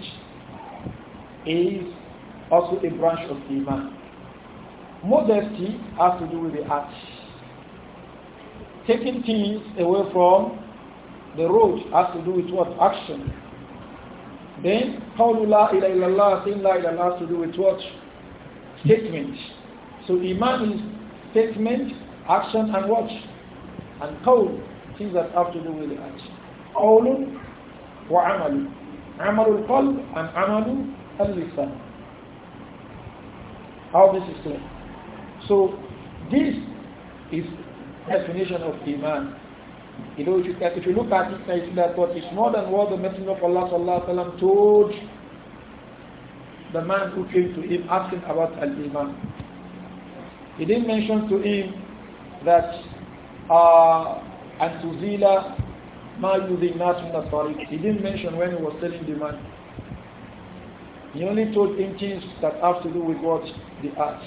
is also a branch of Iman. Modesty has to do with the heart. Taking things away from the road has to do with what? Action. Then, how لَا إِلَى إِلَى اللَّهِ سِنْ لَا إِلَى has to do with what? Statement. So Iman is statement, action and what? And qawl things that have to do with the heart. قول وعمل عمل القلب and al اللسان How this is clear. So this is definition of Iman. You know, if you, if you look at it, I see that what is more than what the Messenger of Allah sallallahu alaihi wasallam told the man who came to him asking about al-Iman. He didn't mention to him that uh, and Suzila Ma using Nasmina Tariq. He didn't mention when he was telling the man. He only told him things that have to do with what? The art.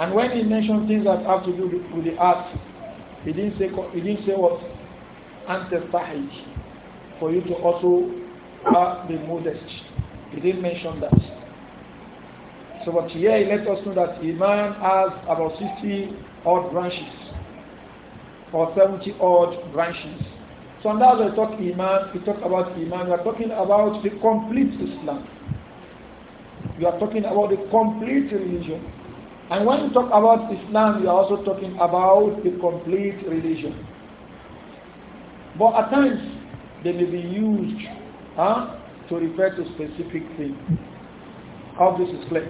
And when he mentioned things that have to do with the art, he didn't say he didn't say what antestahij for you to also be modest. He didn't mention that. So but here he let us know that Iman has about 60 odd branches or 70 odd branches. So now they talk Iman, we talk about Iman, we are talking about the complete Islam. We are talking about the complete religion. And when you talk about Islam, you are also talking about the complete religion. But at times, they may be used huh, to refer to specific things. How this is clear.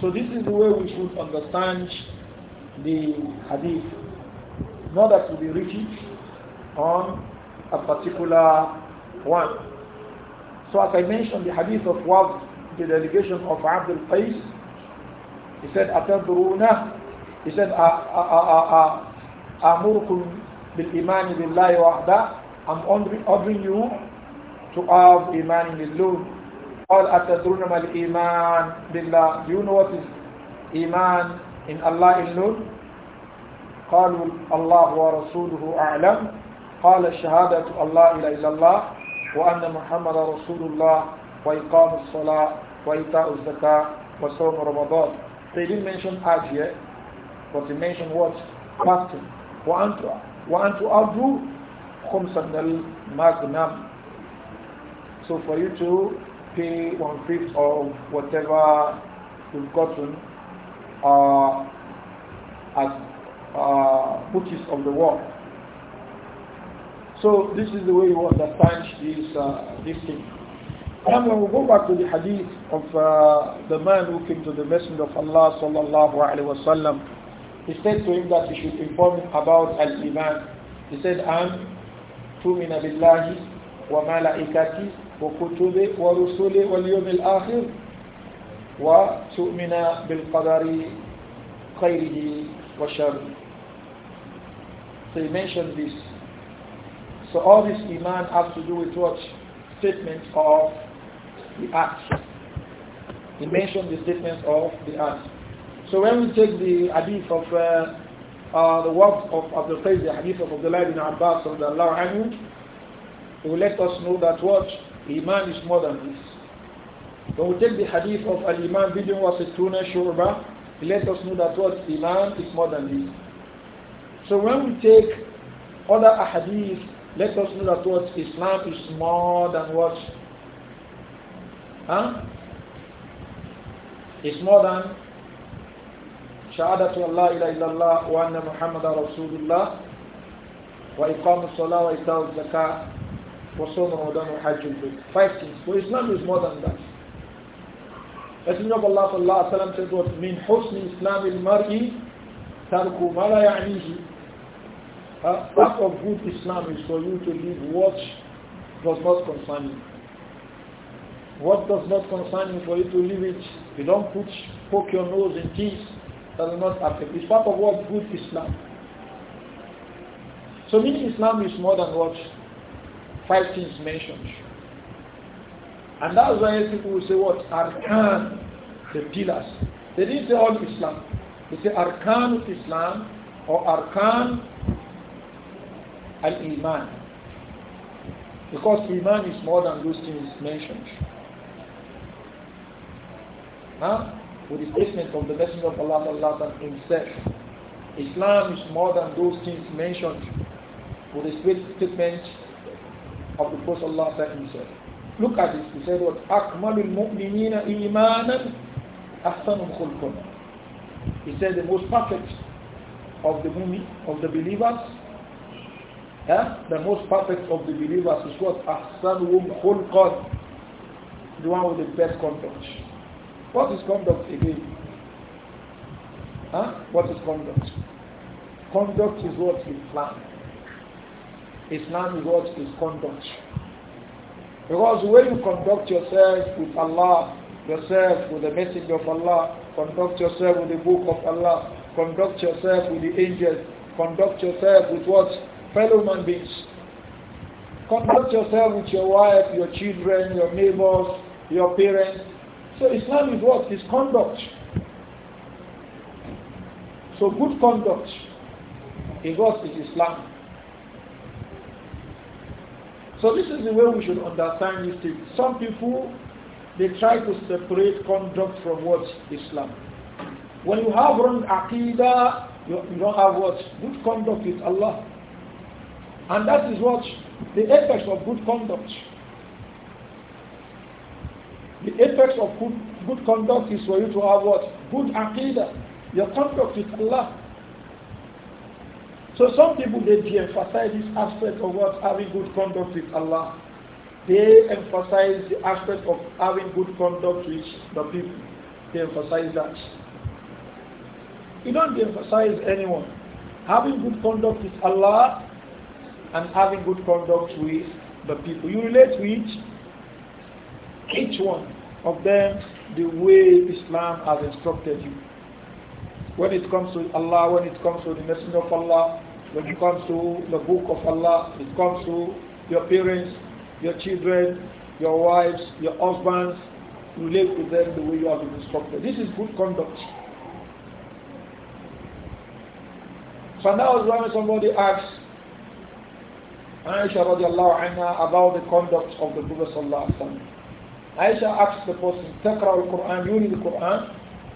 So this is the way we should understand the hadith. Not that to be rigid on a particular one. So as I mentioned, the hadith of Waz, the delegation of Abdul Qais, he said, أَتَدْرُونَ He said, أَمُرْكُمْ بِالْإِمَانِ بِاللَّهِ وَحْدَهِ I'm ordering you to have iman in Allah. All أَتَدْرُونَ مَا الْإِيمَانِ بِاللَّهِ Do you know what is iman in Allah alone? قالوا الله ورسوله أعلم قال الشهادة الله إلا إلا الله وأن محمد رسول الله وإقام الصلاة وإيتاء الزكاة وصوم رمضان They didn't mention Hajj yet, but they mentioned what? Fasting. وأن وأن تؤدوا خمسا المغنم So for you to pay one fifth of whatever you've gotten uh, as uh, of the world. So this is the way you understand this, uh, this thing. Now when we go back to the hadith of uh, the man who came to the Messenger of Allah sallallahu alaihi wasallam, he said to him that he should inform him about al-iman. He said, "An tu'mina billahi wa malaikati wa kutubi wa rusuli wal al akhir wa tu'mina bil qadari khayrihi wa sharrihi." So he mentioned this. So all this iman has to do with what? Statement of the act. He mentioned the statement of the act. So when we take the hadith of uh, uh, the words of Abdul Qais, the hadith of Abdullah ibn Abbas of the Allah anhu, it will let us know that what? Iman is more than this. When we take the hadith of Al-Iman bidun wa sittuna shurba, it lets us know that what? Iman is more than this. So when we take other ahadith, let us know that what Islam is more than what? Huh? It's more than شهادة wa anna إلا الله وأن محمد رسول الله وإقام الصلاة وإيتاء الزكاة وصوم رمضان وحج البيت five things so Islam is more than that Messenger of Allah صلى الله عليه said what من حسن إسلام المرء ترك ما لا يعنيه uh, part of good Islam is for you to leave what does not concern you. What does not concern you for you to leave it. You don't put poke your nose in things that are not affect. It's part of what good Islam. So meaning Islam is more than what five things mentioned. And that's why people will say what? Arkan, the pillars. They didn't say all Islam. They say Arkan Islam or Arkan al-iman. Because iman is more than those things mentioned. Huh? With the statement of the Messenger of Allah Allah himself, Islam is more than those things mentioned with the statement of the Prophet Allah himself. Look at this. He said, "What akmalul mu'minina imanan ahsanum khulqan." He said, "The most perfect of the Mu'min, of the believers the most perfect of the believers is what? Ahsanuhum khulqan. The one with the best conduct. What is conduct again? Huh? What is conduct? Conduct is what is Islam. Islam is what is conduct. Because when you conduct yourself with Allah, yourself with the message of Allah, conduct yourself with the book of Allah, conduct yourself with the angels, conduct yourself with what? fellow human beings. Conduct yourself with your wife, your children, your neighbors, your parents. So Islam is what? It's conduct. So good conduct is what is Islam. So this is the way we should understand these things. Some people, they try to separate conduct from what? Islam. When you have wrong aqidah, you, you don't have what? Good conduct with Allah. And that is what the apex of good conduct. The apex of good, good conduct is for you to have what? Good aqidah. Your conduct with Allah. So some people, they de-emphasize this aspect of what having good conduct with Allah. They emphasize the aspect of having good conduct with the people. They emphasize that. You don't de-emphasize anyone. Having good conduct with Allah and having good conduct with the people. You relate to each, each one of them the way Islam has instructed you. When it comes to Allah, when it comes to the Messenger of Allah, when it comes to the Book of Allah, it comes to your parents, your children, your wives, your husbands, relate to them the way you have been instructed. This is good conduct. So now when somebody asks, Aisha radiallahu anha about the conduct of the Prophet sallallahu alaihi wasallam. Aisha asked the person, al quran you read the Quran?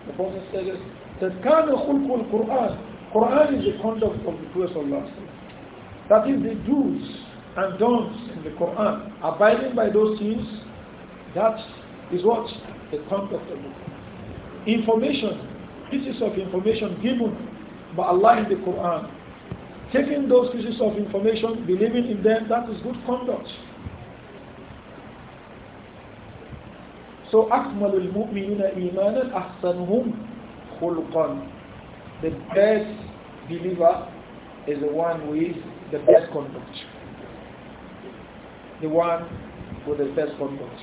The person says, that كان خلق القرآن. Quran is the conduct of the Prophet sallallahu alaihi wasallam. That is the do's and don'ts in the Quran. Abiding by those things, that is what the conduct of the Quran. Information, pieces of information given by Allah in the Quran Taking those pieces of information, believing in them, that is good conduct. So أكمل المؤمنين إيمانا أحسنهم خلقا The best believer is the one with the best conduct. The one with the best conduct.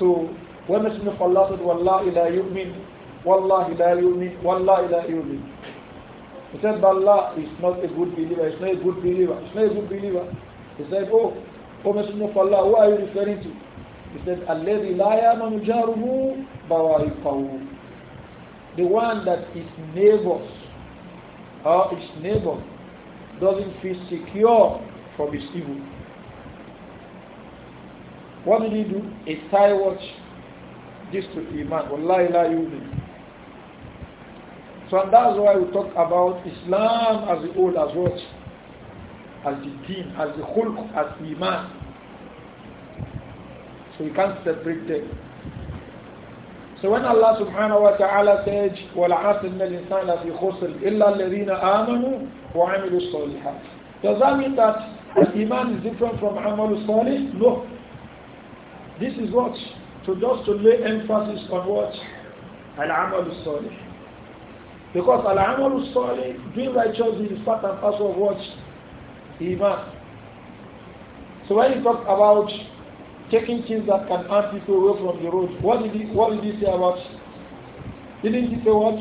So when the Messenger of Allah said, Wallahi la yu'min, Wallahi la yu'min, Wallahi la yu'min. He said, Allah is not a good believer, He's not a good believer, He's not a good believer. He said, Oh, O Messenger of Allah, who are you referring to? He said, Alladhi la yamanu jaruhu The one that his neighbors, or his neighbor, doesn't feel secure from his evil. What did he do? A tie watch. This to Iman. Wallahi la yu'min. So that's why we talk about Islam as the old as what? As the deen, as the khulq, as iman. So we can't separate them. So when Allah subhanahu wa ta'ala says, وَالْعَصْرِ إِنَّ الْإِنسَانَ لَفِي خُسْرٍ إِلَّا الَّذِينَ آمَنُوا وَعَمِلُوا الصَّالِحَاتِ Does that mean that iman is different from amal salih? No. This is what? To just to lay emphasis on what? Al-amal salih. Because Al-Amalu Salih, doing righteousness is part and parcel of what? Iman. So when he talks about taking things that can harm people away from the road, what did he, what did he say about? Didn't he say what?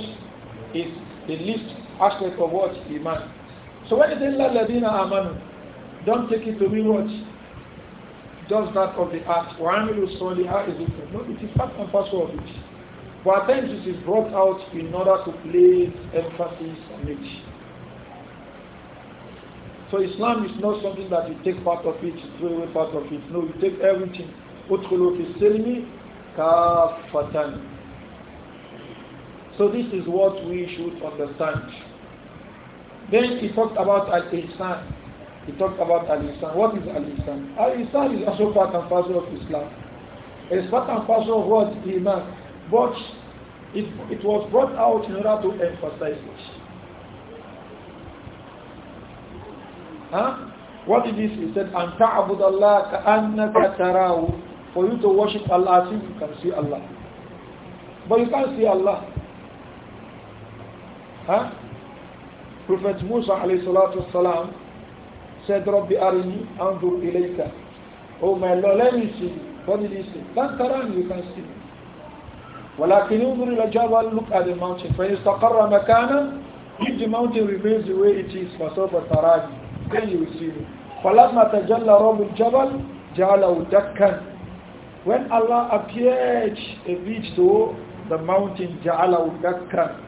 Is the least aspect of what? Iman. So when he says, La Ladina Amanu, don't take it to me what? does that of the act. Wa'amilu Salih, how is it? No, it is part and parcel of it. For at times this is brought out in order to place emphasis on it. So Islam is not something that you take part of it, throw away part of it. No, you take everything. So this is what we should understand. Then he talked about al-ihsan. He talked about al-ihsan. What is al-ihsan? Al-ihsan is also part and parcel of Islam. It's part and parcel of what? Iman. But it, it was brought out in order to emphasize it. Huh? What it is, he said, أَن تَعْبُدَ اللَّهَ كَأَنَّكَ تَرَاهُ For you to worship Allah as if you can see Allah. But you can't see Allah. Huh? Prophet Musa alayhi salatu wasalam said, Rabbi arini anzur ilayka. Oh my Lord, let me see. What did he say? Lan tarani, you can see. وَلَكِنْ انظُرْ إِلَى Look at the mountain. فَإِنْ اسْتَقَرَّ مَكَانًا If the mountain remains the way it is, فَسَوْفَ تَرَانِي Then you will see me. فَلَمَّا تَجَلَّى رَبُّ الْجَبَلِ جَعَلَهُ دَكًّا When Allah appeared a beach to the mountain, جَعَلَهُ دَكًّا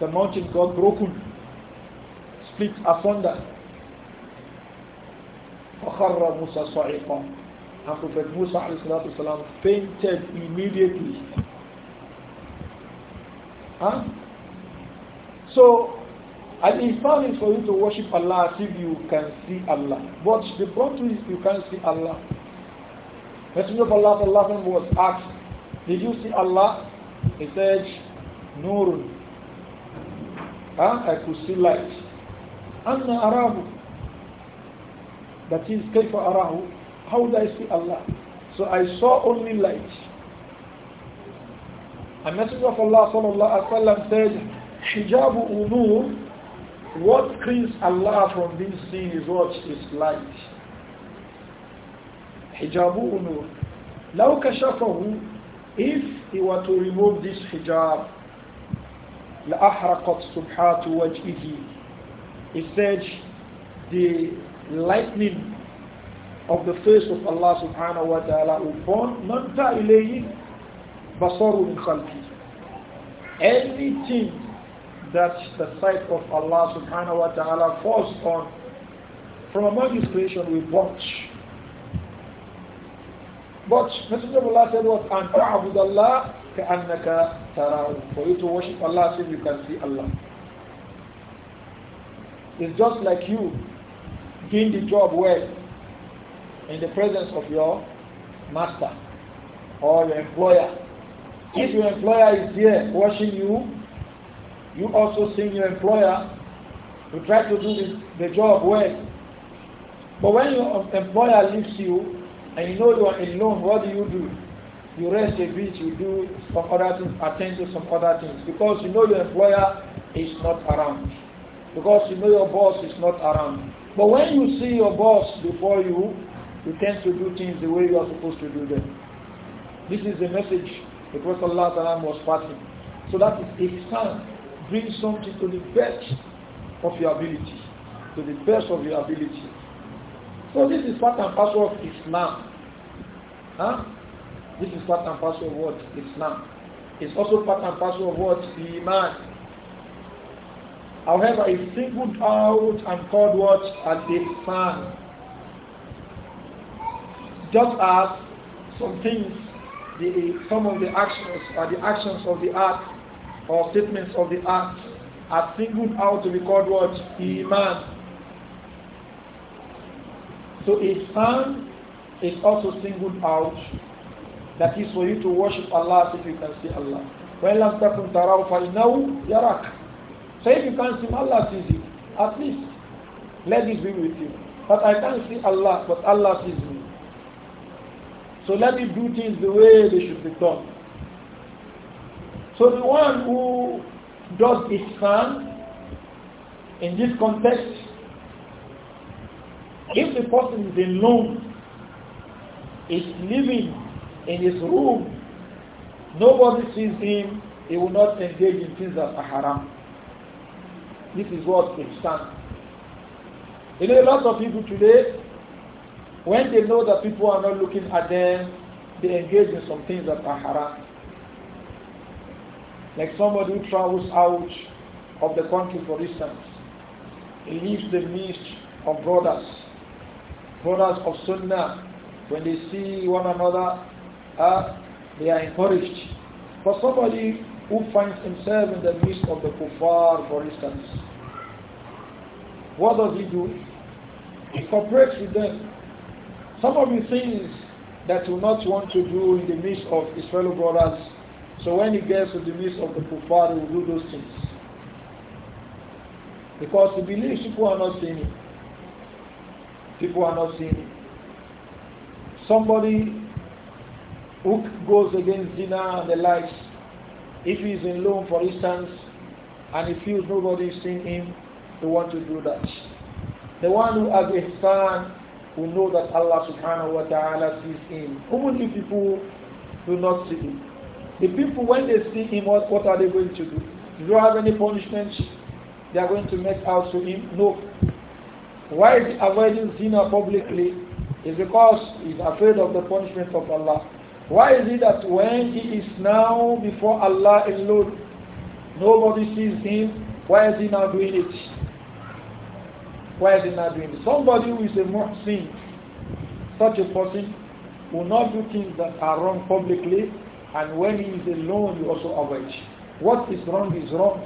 The mountain got broken, split asunder. فَخَرَّ مُوسَى صَعِقًا and Prophet Musa والسلام, fainted immediately. Huh? So, and Islam is for you to worship Allah as if you can see Allah. But the problem is you can't see Allah. Messenger of Allah Allah was asked, did you see Allah? He said, Nurun. Huh? I could see light. the arahu. That is, kaifa arahu. How would I see Allah? So I saw only light. A messenger of Allah sallallahu alaihi wasallam said, "Hijabu unur." What screens Allah from being seen is what is light. Hijabu unur. لو كشفه if he were to remove this hijab لأحرقت سبحات وجهه he said the lightning of the face of Allah subhanahu wa ta'ala upon Manta ilayhi basaru min khalqi. Anything that the sight of Allah subhanahu wa ta'ala falls on from among his creation we watch. But Messenger of Allah said what? And ta'abud Allah ka'annaka tarahu. For you to worship Allah as if you can see Allah. It's just like you doing the job well in the presence of your master or your employer. If your employer is here watching you, you also see your employer to try to do the, the job well. But when your employer leaves you and you know you are alone, what do you do? You rest a bit, you do some other things, attend to some other things because you know your employer is not around. Because you know your boss is not around. But when you see your boss before you, you tend to do things the way you are supposed to do them. This is the message the Prophet Allah was passing. So that is ihsan. Bring something to the best of your ability. To the best of your ability. So this is part and parcel of Islam. Huh? This is part and parcel of what? Islam. It's also part and parcel of what? Iman. However, it's singled out and called what? Al-Ihsan. Just as some things, the, some of the actions or the actions of the act or statements of the act are singled out to be called what? Iman. So hand is also singled out. That is for you to worship Allah if you can see Allah. When last تكن تراه فإنه يراك. So if you can't see Allah sees it At least let this be with you. But I can't see Allah, but Allah sees me. So let me do things the way they should be done. So the one who does Islam in this context, if the person is alone, is living in his room, nobody sees him, he will not engage in things that are haram. This is what stands. You know, a lot of people today, when they know that people are not looking at them, they engage in some things that are haram. Like somebody who travels out of the country, for instance, he leaves the midst of brothers, brothers of Sunnah. When they see one another, uh, they are encouraged. For somebody who finds himself in the midst of the kuffar, for instance, what does he do? He cooperates with them. Some of the things that you not want to do in the midst of his fellow brothers, so when he gets to the midst of the kuffar, he will do those things. Because he believes people are not seeing him. People are not seeing him. Somebody who goes against zina and the likes, if he is in loan, for instance, and he feels nobody is seeing him, they want to do that. The one who has a son who know that Allah subhanahu wa ta'ala sees him. Even if people do not see him. The people, when they see him, what, what are they going to do? Do you have any punishment they are going to make out to him? No. Why is he avoiding zina publicly? Is because he's afraid of the punishment of Allah. Why is it that when he is now before Allah alone, nobody sees him? Why is he now doing it? Why is he not doing it? Somebody who is a muhsin, such a person will not do things that are wrong publicly and when he is alone you also avoid. What is wrong is wrong.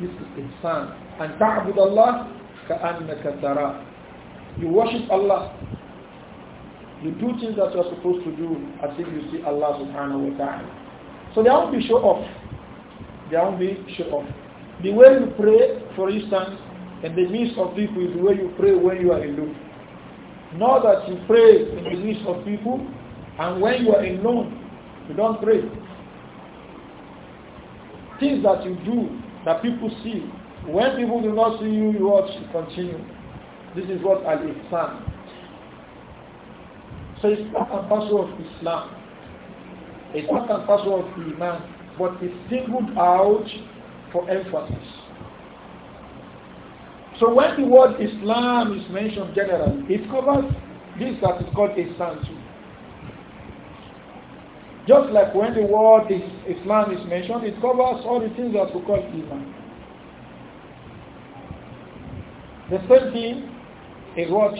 This is insan. And ta'bud Allah ka'annaka tara. You worship Allah. You do things that you are supposed to do as if you see Allah subhanahu wa ta'ala. So there won't be show off. There won't be show off. The way you pray, for instance, and the midst of people is where you pray when you are alone. Now that you pray in the midst of people and when you are alone, you don't pray. Things that you do that people see, when people do not see you, you ought to continue. This is what Al-Ihsan. So it's not a parcel of Islam. It's not a parcel of Iman. But it's singled out for emphasis. So when the word Islam is mentioned generally, it covers this that is called Islam too. Just like when the word is Islam is mentioned, it covers all the things that we call Islam. The same thing is what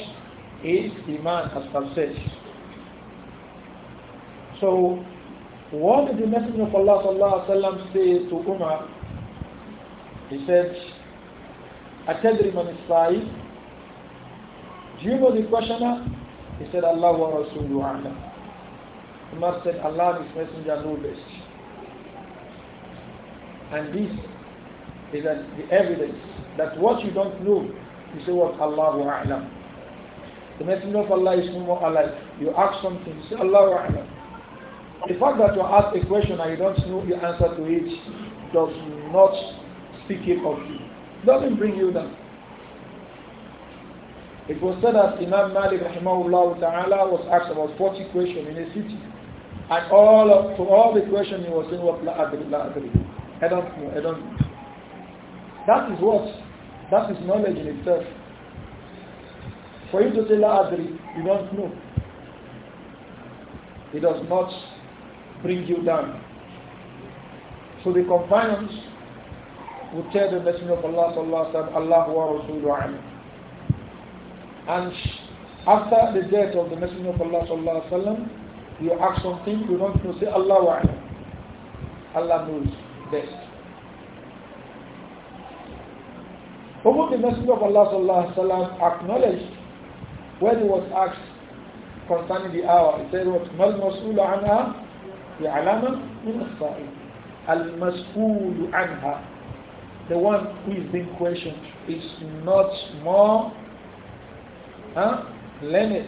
is Iman as I've said. So what did the Messenger of Allah Allah says say to Umar? He said, أتدري من side. Do you know the questioner? He said, Allah wa Rasulu The Umar said, Allah is Messenger know best. And this is the evidence that what you don't know, you say what Allah wa A'lam. The Messenger of Allah is no more alive. You ask something, you say Allah wa A'lam. The fact that you ask a question and you don't know the answer to it does not speak ill of you doesn't bring you down. It was said that Imam Malik rahimahullah ta'ala was asked about 40 questions in a city. And all of, to all the questions he was saying was la adri, la adri. I don't know, I don't know. That is what? That is knowledge in itself. For you to say la adri, you don't know. It does not bring you down. So the companions would tell the Messenger of Allah sallallahu alaihi wasallam, Allahu wa Rasuluhu And after the death of the Messenger of Allah sallallahu alaihi wasallam, you ask something you don't know, say Allah wa alam. Allah knows best. Even the Messenger of Allah sallallahu alaihi wasallam acknowledged when he was asked concerning the hour, he said, "What mal masula anha?" min يعلم من al المسؤول anha." the one who is being questioned is not more huh, learned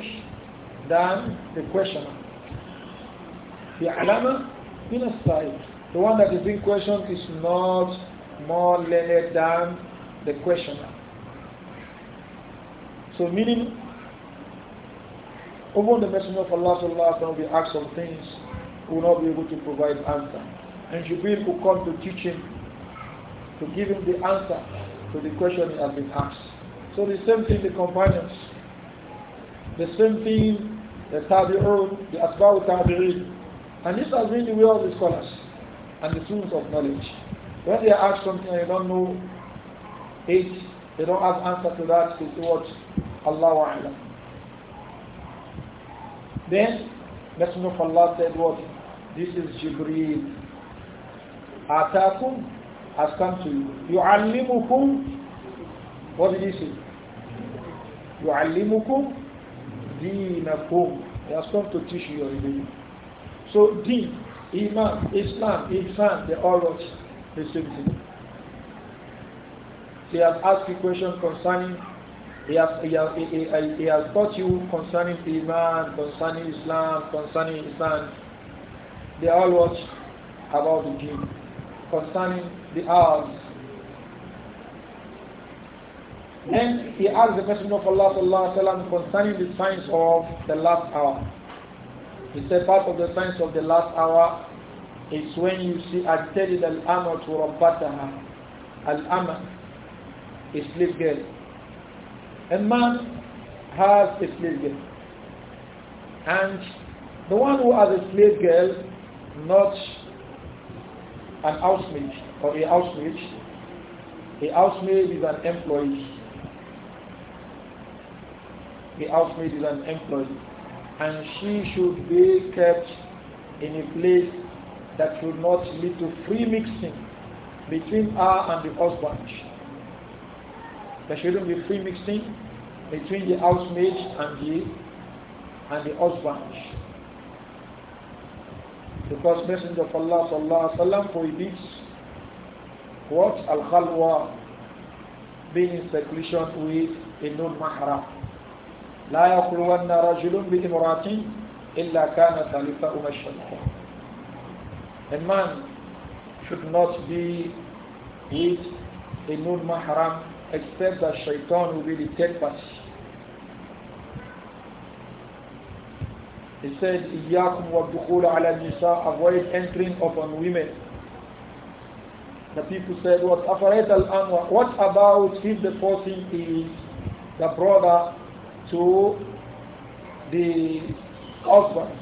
than the questioner. The in a side, the one that is being questioned is not more learned than the questioner. So meaning, over the Messenger of Allah sallallahu alaihi wasallam will ask some things, will not be able to provide answer, and Jibril will come to teach him to give him the answer to the question he has been asked. So the same thing the companions, the same thing the Tabi'un, the Asba'u Tabi'in. And this has been the way of the scholars and the students of knowledge. When they ask something and they don't know it, they don't have answer to that, they say what? Allah A'lam. Then, Messenger of Allah said what? This is Jibreel. Atakum has come to you. يُعَلِّمُكُمْ What did he say? يُعَلِّمُكُمْ دِينَكُمْ He has come to teach you your religion. So deen, iman, Islam, Ihsan, they all watch The same thing. He has asked you questions concerning he has, he, has, he, he, he has taught you concerning Iman, concerning Islam, concerning Islam. They all watch about the deen concerning the hours. Then he asked the Messenger of Allah sallallahu alayhi wa concerning the signs of the last hour. He said part of the signs of the last hour is when you see a tadid al-Ama to Rabbataha. Al-Ama is slave girl. A man has a slave girl. And the one who has a slave girl, not an housemaid or a housemaid. A housemaid is an employee. A housemaid is an employee. And she should be kept in a place that should not lead to free mixing between her and the husband. There shouldn't be free mixing between the housemaid and the and the husband. The first Messenger of Allah sallallahu alaihi wasallam prohibits what? Al-Khalwa being in seclusion with a known mahram. لا يخلون رجل بامرأة إلا كان ثالثهما A man should not be with a known mahram except that shaitan will be the third He said, Iyakum wabdukula ala nisa, avoid entering upon women. The people said, what, al what about if the person is the brother to the husband?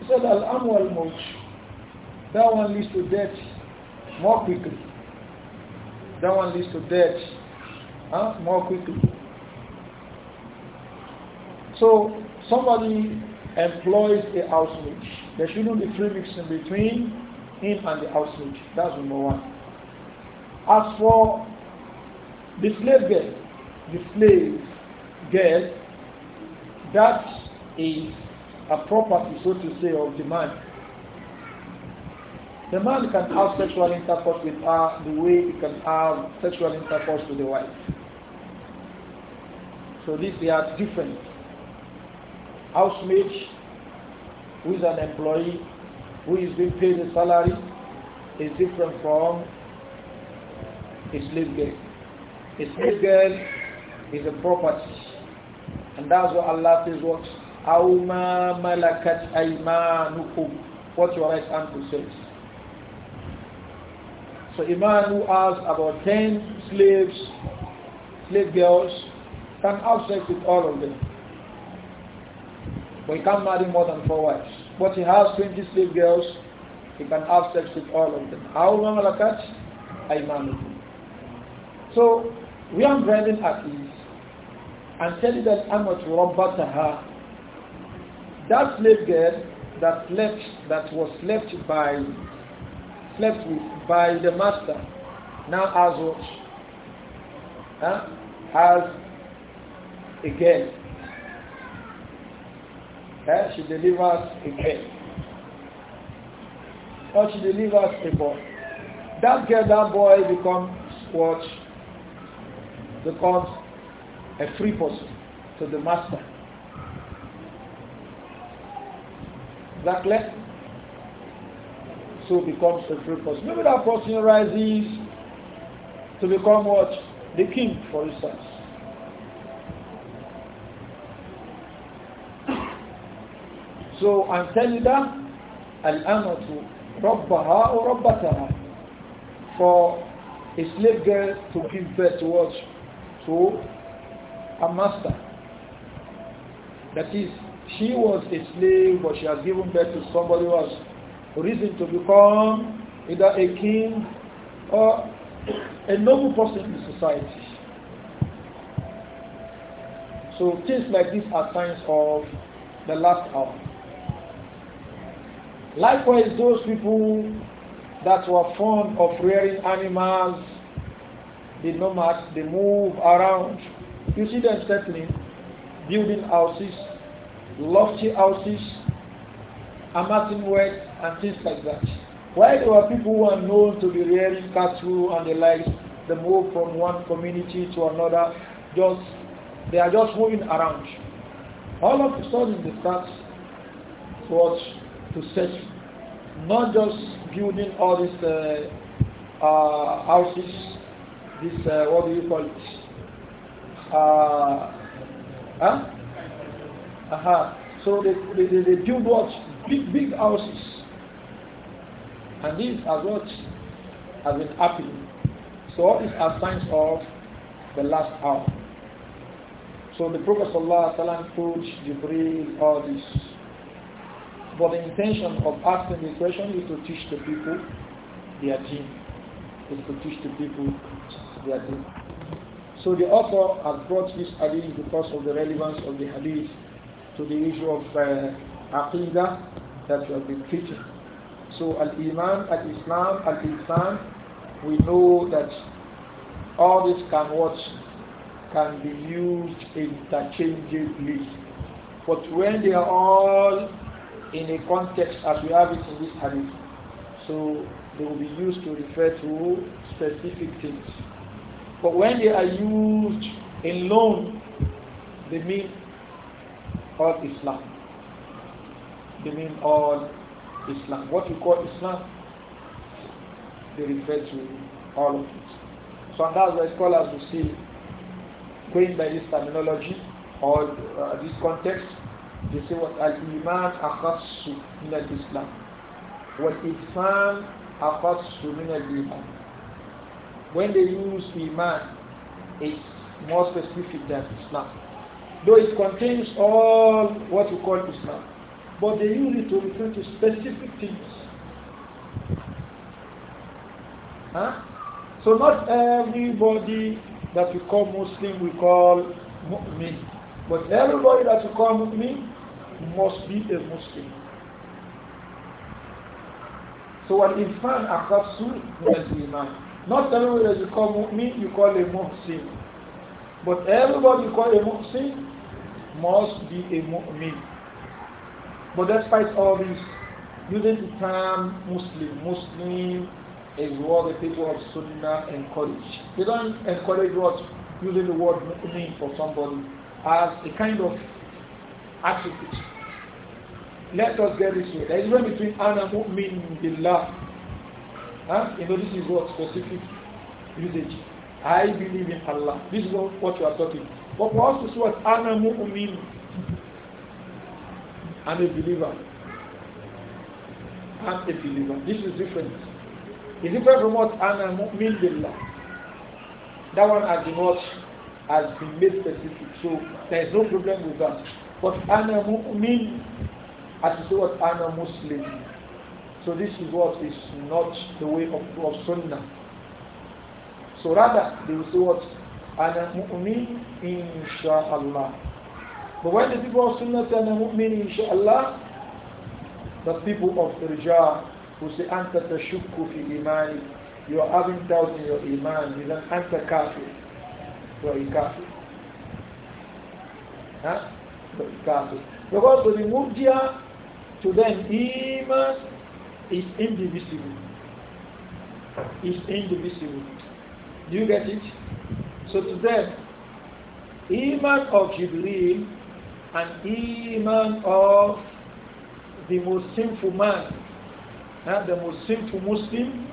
He said, Al-Amu al That one leads to death more quickly. That one leads to death huh? more quickly. So somebody employs a housemaid. There shouldn't be three weeks in between him and the housemaid. That's number one. As for the slave girl, the slave girl, that is a property, so to say, of the man. The man can have sexual intercourse with her the way he can have sexual intercourse with the wife. So these they are different housemaid who is an employee who is being paid a salary is different from a slave girl. A slave girl is a property. And that's what Allah says what? Auma malakat aymanukum. What your right hand possesses. So a man who has about 10 slaves, slave girls, can have sex with all of them. But he can't marry more than four wives. But he has 20 slave girls. He can have sex with all of them. How long will malakat? Aymanukum. So, we are driving at ease and I'm you that Amat Her that slave girl that left, that was left by, slept with by the master, now has what? Huh? Has a girl Eh? She delivers a girl. Or she delivers a boy. That girl, that boy becomes what? call a free person to the master. That left so becomes a free person. Maybe that person rises to become what? The king, for instance. So, to rob الأمة or rob ربتها for a slave girl to give birth to what? To a master. That is, she was a slave but she has given birth to somebody who has reason to become either a king or a noble person in society. So things like this are signs of the last hour. Likewise, those people that were fond of rearing animals, the nomads, they move around. You see them settling, building houses, lofty houses, amassing wealth, and things like that. While there were people who are known to be rearing cattle and the likes, they move from one community to another, just they are just moving around. All of a sudden they start what to search, not just building all these uh, uh, houses, this, uh, what do you call it? Uh, huh? Uh-huh. So they, they, they build what? Big, big houses. And these are what has been happening. So all these are signs of the last hour. So the Prophet ﷺ told Jibreel all this. But the intention of asking this question is to teach the people their deen. Is to teach the people their deen. So the author has brought this hadith because of the relevance of the hadith to the issue of uh, aqidah that we have been teaching. So al-Iman, al-Islam, al Islam, we know that all this can what can be used interchangeably. But when they are all in a context as we have it in this hadith. So they will be used to refer to specific things. But when they are used alone, they mean all Islam. They mean all Islam. What you call Islam, they refer to all of it. So and that's why scholars will see, going by this terminology or uh, this context, they say what al-iman akhassu min al-islam. What ifan akhassu min al-iman. When they use iman, it's more specific than Islam. Though it contains all what we call Islam. But they use it to refer to specific things. Huh? So not everybody that we call Muslim we call mu'min. But everybody that you call me must be a Muslim. So an infant akhasu al-iman. Not everybody that you call me you call a Muslim. But everybody you call a Muslim must be a Muslim. But despite all this, using the term Muslim, Muslim is what the people of Sunnah encourage. They don't encourage what using the word Muslim for somebody as a kind of attribute. Let us get this way. There is one between ana mu'min billah. Huh? You know, this is what specific usage. I believe in Allah. This is what, what you are talking. But for us to say what ana mu'min, I'm a believer. I'm a believer. This is different. It's different from what ana mu'min billah. That one has been what has been made specific. So there is no problem with that. But ana mu'min as to what ana muslim. So this is what is not the way of, of sunnah. So rather they will say what ana mu'min insha'Allah. But when the people of sunnah say ana mu'min insha'Allah, the people of Rijal who say anta tashukku fi imani, you are having doubt in your iman, you then anta kafir. وإيكاته huh? وإيكاته because to the murjia to them imam is indivisible is indivisible do you get it so to them iman of jibril and iman of the most sinful man huh? the most sinful muslim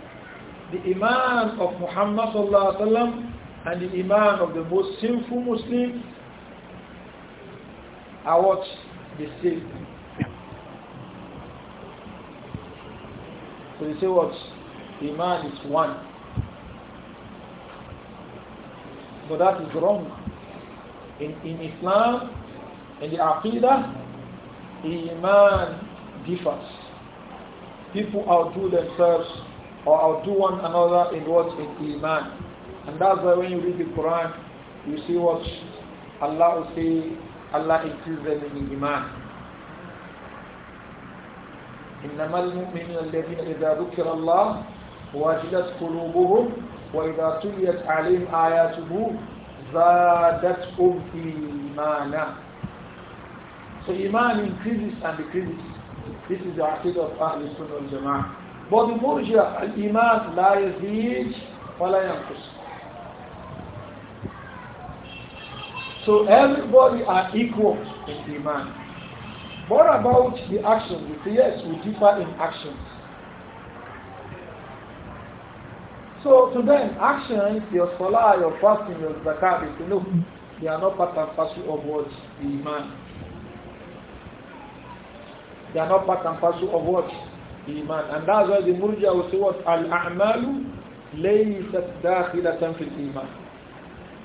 the iman of muhammad sallallahu alaihi wasallam and the iman of the most sinful Muslim are what they say. So they say what? Iman is one. But that is wrong. In, in Islam, in the Aqidah, Iman differs. People outdo themselves or outdo one another in what? In Iman. And that's why when you read the Quran, you see what Allah will say, Allah increases them in iman. إنما المؤمنين الذين إذا ذكر الله وجلت قلوبهم وإذا تليت عليهم آياته زادتهم إيمانا So iman increases and decreases. This is the aqidah of Ahlul Sunnah wal But the Murjah, al-Iman, la yazid wa So everybody are equal in Iman. What about the actions? yes, we differ in actions. So to them, actions, your salah, your fasting, your zakat, you know, they are not part and parcel of what? The Iman. They are not part and parcel of what? The Iman. And that's why the Murja will say what? Al-A'malu laysat dakhilatan fil Iman.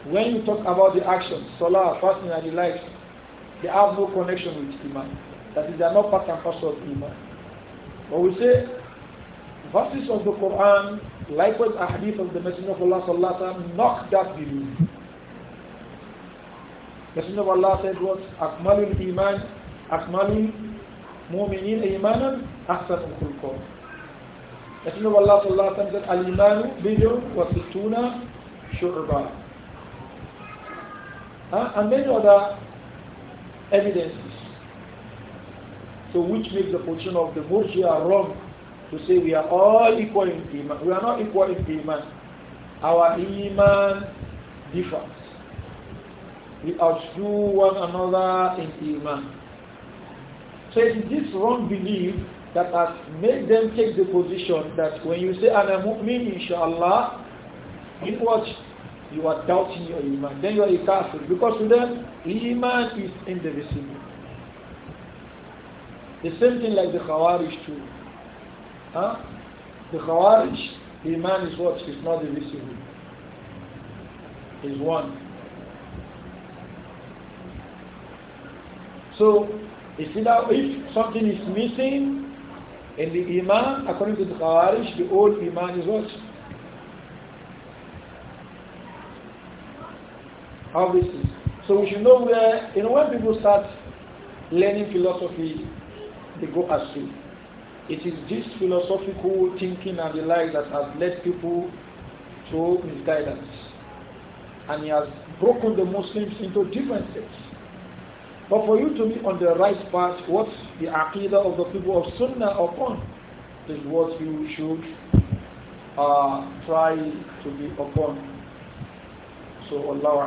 When you talk about the actions, salah, fasting and the likes, they have no connection with Iman. That is, they are not part and parcel of Iman. But we say, verses of the Quran, likewise a of the Messenger of Allah sallallahu knock that belief. Messenger of Allah said what? Akmalul iman, akmalul mu'minin imanan, ahsanul khulqan. Messenger of Allah sallallahu alaihi wasallam said, al-imanu bidun wa situna shu'ba uh, and many other evidences. So which makes the position of the Murji'a wrong to say we are all equal in Iman. We are not equal in Iman. Our Iman differs. We outdo one another in Iman. So it is this wrong belief that has made them take the position that when you say, I'm a mu'min, inshallah, it was you are doubting your iman. Then you are a kafir. Because to them, iman is indivisible. The same thing like the Khawarij too. Huh? The Khawarij, iman is what? It's not divisible. Is one. So, you see now, if something is missing in the iman, according to the Khawarij, the old iman is what? Obviously. So we should know where, you know, when people start learning philosophy, they go astray. It is this philosophical thinking and the like that has led people to misguidance. And he has broken the Muslims into different sects. But for you to be on the right path, what the aqidah of the people of Sunnah upon is what you should uh, try to be upon. So Allah.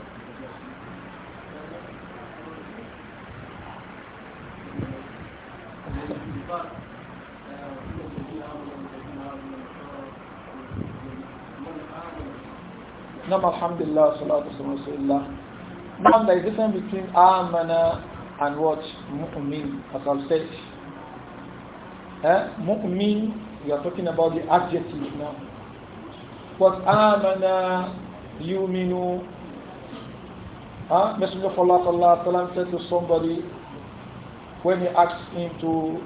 Nam alhamdulillah, salatu Now there is a difference between amana and what? Mu'min, as I've said. Eh? Mu'min, we are talking about the adjective now. What amana, yuminu. Huh? Messenger of Allah sallallahu said to somebody when he asked him to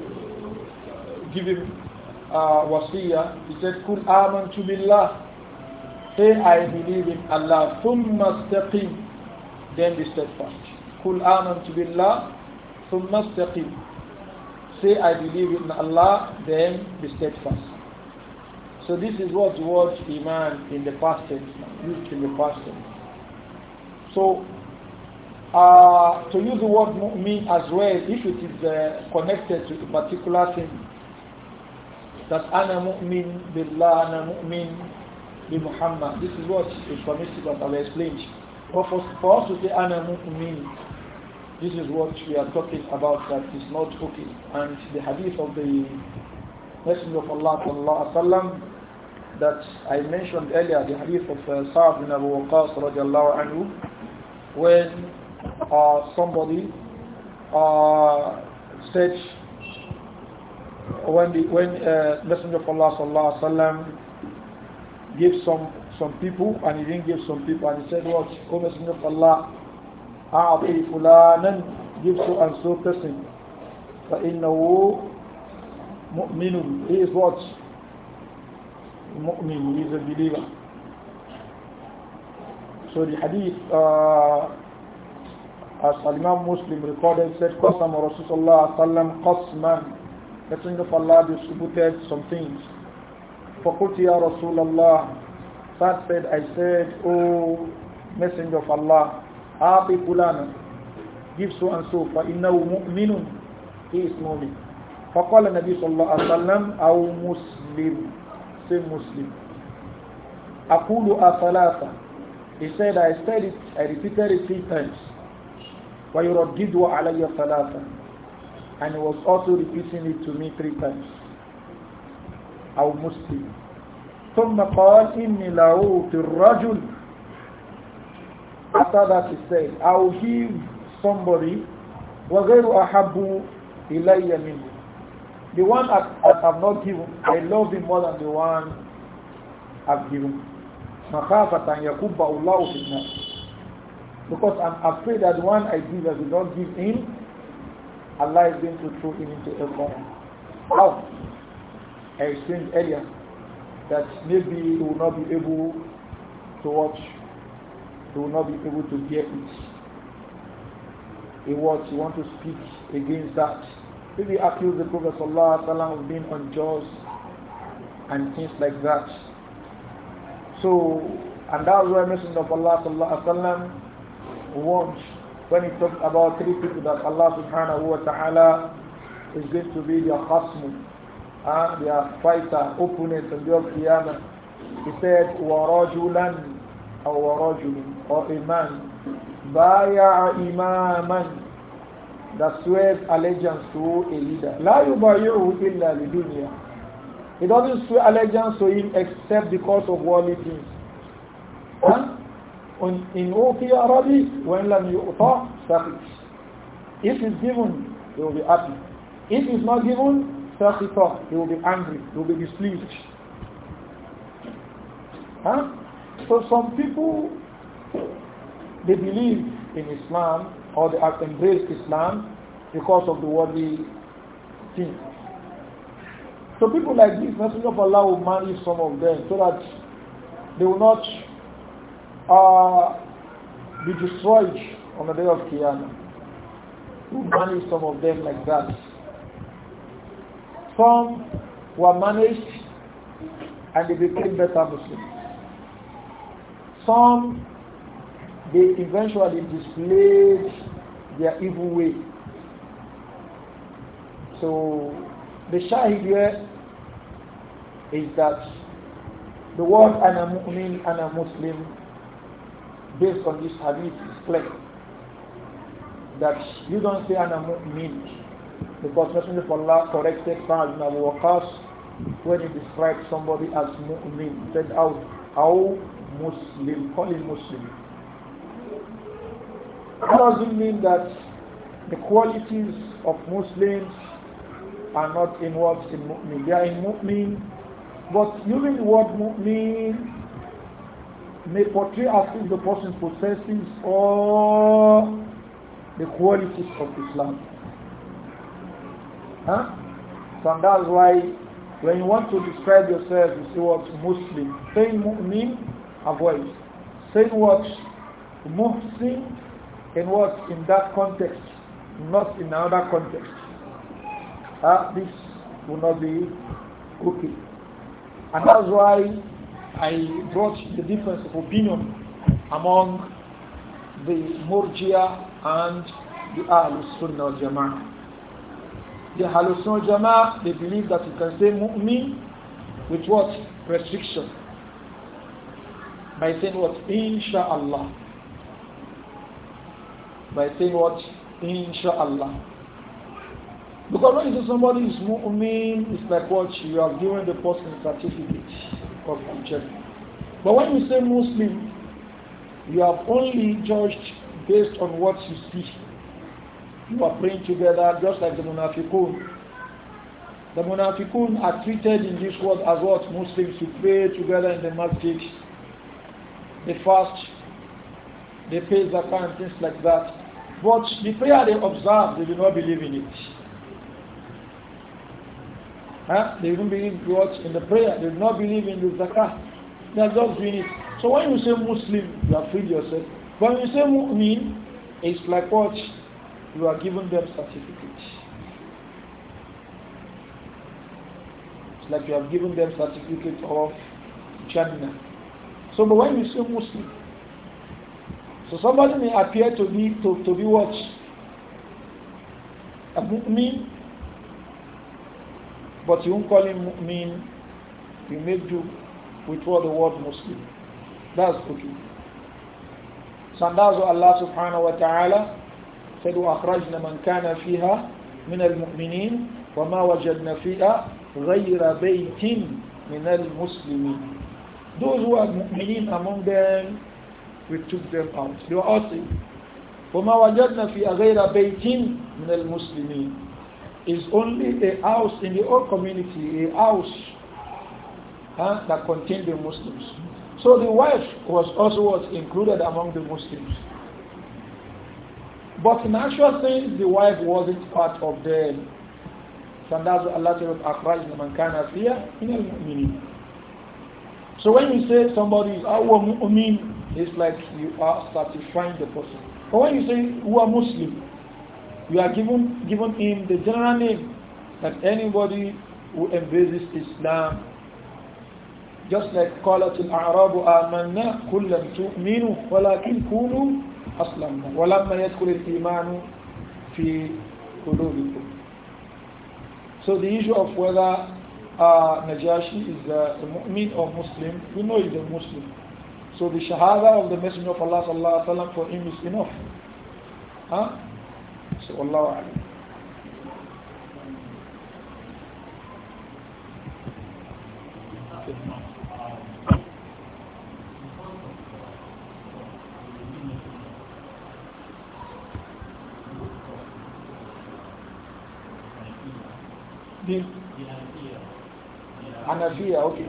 uh, give him uh, wasiyah, he said, Kul amantu billah. Say, I believe in Allah. ثُمَّ اسْتَقِيمْ Then be steadfast. Kul آمَنْتُ بِاللَّهِ ثُمَّ اسْتَقِيمْ Say, I believe in Allah. Then be steadfast. So this is what the word Iman in the past tense, used in the past tense. So uh, to use the word mu'min as well, if it is uh, connected to a particular thing, that ana mu'min billah, ana mu'min bi Muhammad. This is what is permissible that I've explained. But for, for us to say ana mu'min, this is what we are talking about that is not okay. And the hadith of the Messenger of Allah sallallahu alaihi wasallam that I mentioned earlier, the hadith of uh, sa bin Abu Waqas radiallahu anhu, when uh, somebody uh, said, when the when uh, Messenger of Allah sallallahu alaihi wasallam Give some some people and he didn't give some people and he said what of Allah give so and so person فإنه مؤمن he is what مؤمن he is a believer so the hadith uh, as Imam Muslim recorded said قسم رسول الله صلى الله عليه وسلم قسما Messenger of Allah distributed some things فقلت يا رسول الله That said, I said, O Messenger of Allah, أعطي فلانا give so and so فإنه مؤمن he is مؤمن فقال النبي صلى الله عليه وسلم أو مسلم say Muslim أقول أثلاثة he said I said it I repeated it three times ويردد علي ثلاثة and he was also repeating it to me three times أو مسلم ثم قال إني لأوت الرجل after that he said I will give somebody وغير أحب إلي منه the one that, that I've not given I love him more than the one I've given مخافة أن يكب الله في الناس because I'm afraid that the one I give I will not give him Allah is going to throw him into a fire. How? I explained earlier that maybe you will not be able to watch, you will not be able to hear it. It was you want to speak against that. Maybe accuse the Prophet ﷺ of being unjust and things like that. So, and that's why Messenger of Allah ﷺ warned when he talked about three people that Allah subhanahu wa ta'ala is going to be their husband uh, ah, their fighter, opponent, and the day Qiyamah. He said, وَرَجُلًا أو رجل or a man بايع إماما that swears allegiance to a leader لا يبايعه إلا لدنيا he doesn't swear allegiance to him except because of worldly things and in أوتي ربي وإن لم يؤتى سخط if he's given he will be happy if he's not given Sakhita, he will be angry, he will be displeased. Huh? So some people, they believe in Islam or they have embraced Islam because of the worldly things. So people like this, Messenger of Allah will marry some of them so that they will not uh, be destroyed on the day of Qiyamah. He will marry some of them like that. Some were managed and they became better Muslims. Some, they eventually displayed their evil way. So the shahid here is that the word ana mu'min, ana muslim based on this hadith is clear that you don't say ana mu'min because Messenger of Allah corrected Sa'd ibn Abu Waqas when he described somebody as mu'min. He said, how, how Muslim, call him Muslim. That doesn't mean that the qualities of Muslims are not in words in mu'min. They are in mu'min. But using the word mu'min may portray as if the person possesses all the qualities of Islam. Huh? So and that's why when you want to describe yourself, you say what Muslim. Say mu'min, avoid. say what Muslim and what in that context, not in another context. Uh, this will not be okay. And that's why I brought the difference of opinion among the Murjia and the Ahl Sunnah Jama'ah. The Halusun Jama, they believe that you can say mu'min with what? Restriction. By saying what? Insha'Allah. By saying what? Insha'Allah. Because when you say somebody is mu'min, it's like what? You are giving the person a certificate of Christianity. But when you say Muslim, you have only judged based on what you see you are praying together just like the Munafiqun. The Munafiqun are treated in this world as what Muslims who pray together in the masjid. They fast, they pay zakah and things like that. But the prayer they observe, they do not believe in it. Huh? They don't believe what in the prayer. They do not believe in the zakah. They are just doing it. So when you say Muslim, you have freed yourself. when you say mu'min, it's like what? you are giving them certificates. It's like you have given them certificates of Jannah. So but when you say Muslim, so somebody may appear to be to, to be what? A mu'min, but you won't call him mu'min, you may do with what the word Muslim. That's okay. So that's what Allah subhanahu wa ta'ala said وأخرجنا من كان فيها من المؤمنين وما وجدنا فيها غير بيت من المسلمين those who are mu'minin among them we took them out they were out وما وجدنا في غير بيت من المسلمين is only a house in the whole community a house huh, that contained the Muslims so the wife was also was included among the Muslims but in actual sense, the wife wasn't part of them. So Allah So when you say somebody is awam ah, mu'min, it's like you are satisfying the person. But when you say who are Muslim, you are given given him the general name that anybody who embraces Islam, just like قالت الأعراب آمنا كلا تؤمنوا ولكن كونوا اصلا ولما يدخل الإيمان في قلوبكم So the issue of whether uh, Najashi is a, mu'min or Muslim, we know he's a Muslim. So the shahada of the Messenger of Allah sallallahu alaihi wasallam for him is enough. Huh? So Allah alam. havia, o que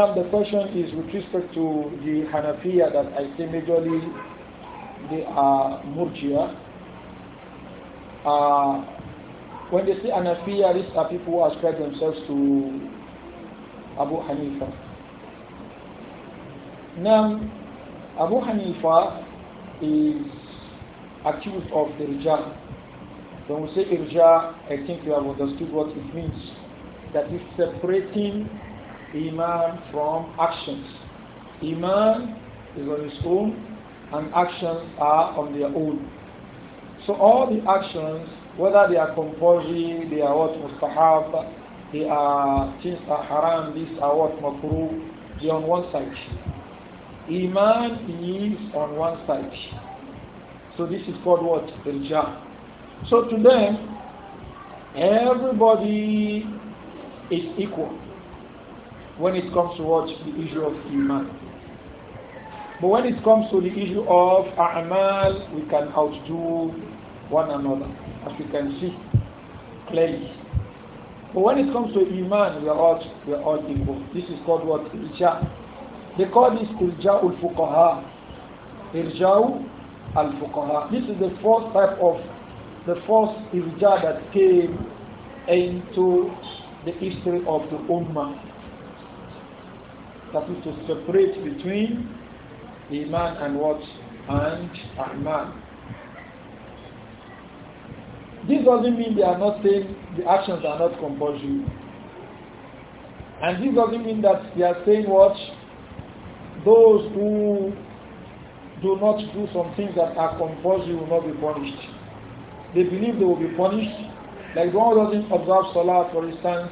Now the question is with respect to the Hanafiya that I say majorly they are Murjia. Uh, when they say Hanafiya, these are people who ascribe themselves to Abu Hanifa. Now, Abu Hanifa is accused of irja. When we say irja, I think you have understood what it means. That is separating Iman from actions. Iman is on his own and actions are on their own. So all the actions, whether they are compulsory, they are what must have, they are things are haram, these are what makruh, they are on one side. Iman is on one side. So this is called what? Irja. So to them, everybody is equal when it comes to what the issue of iman. But when it comes to the issue of a'mal, we can outdo one another, as we can see clearly. But when it comes to iman, we are all we are all equal. This is called what irja. They call this irja ul fuqaha. Irja'u al fuqaha. This is the first type of the first irja that came into the history of the ummah. That is to separate between Iman and what? And Ahman. This doesn't mean they are not saying the actions are not compulsory. And this doesn't mean that they are saying what? Those who do not do some things that are compulsory will not be punished. They believe they will be punished. Like the one who doesn't observe Salah, for instance,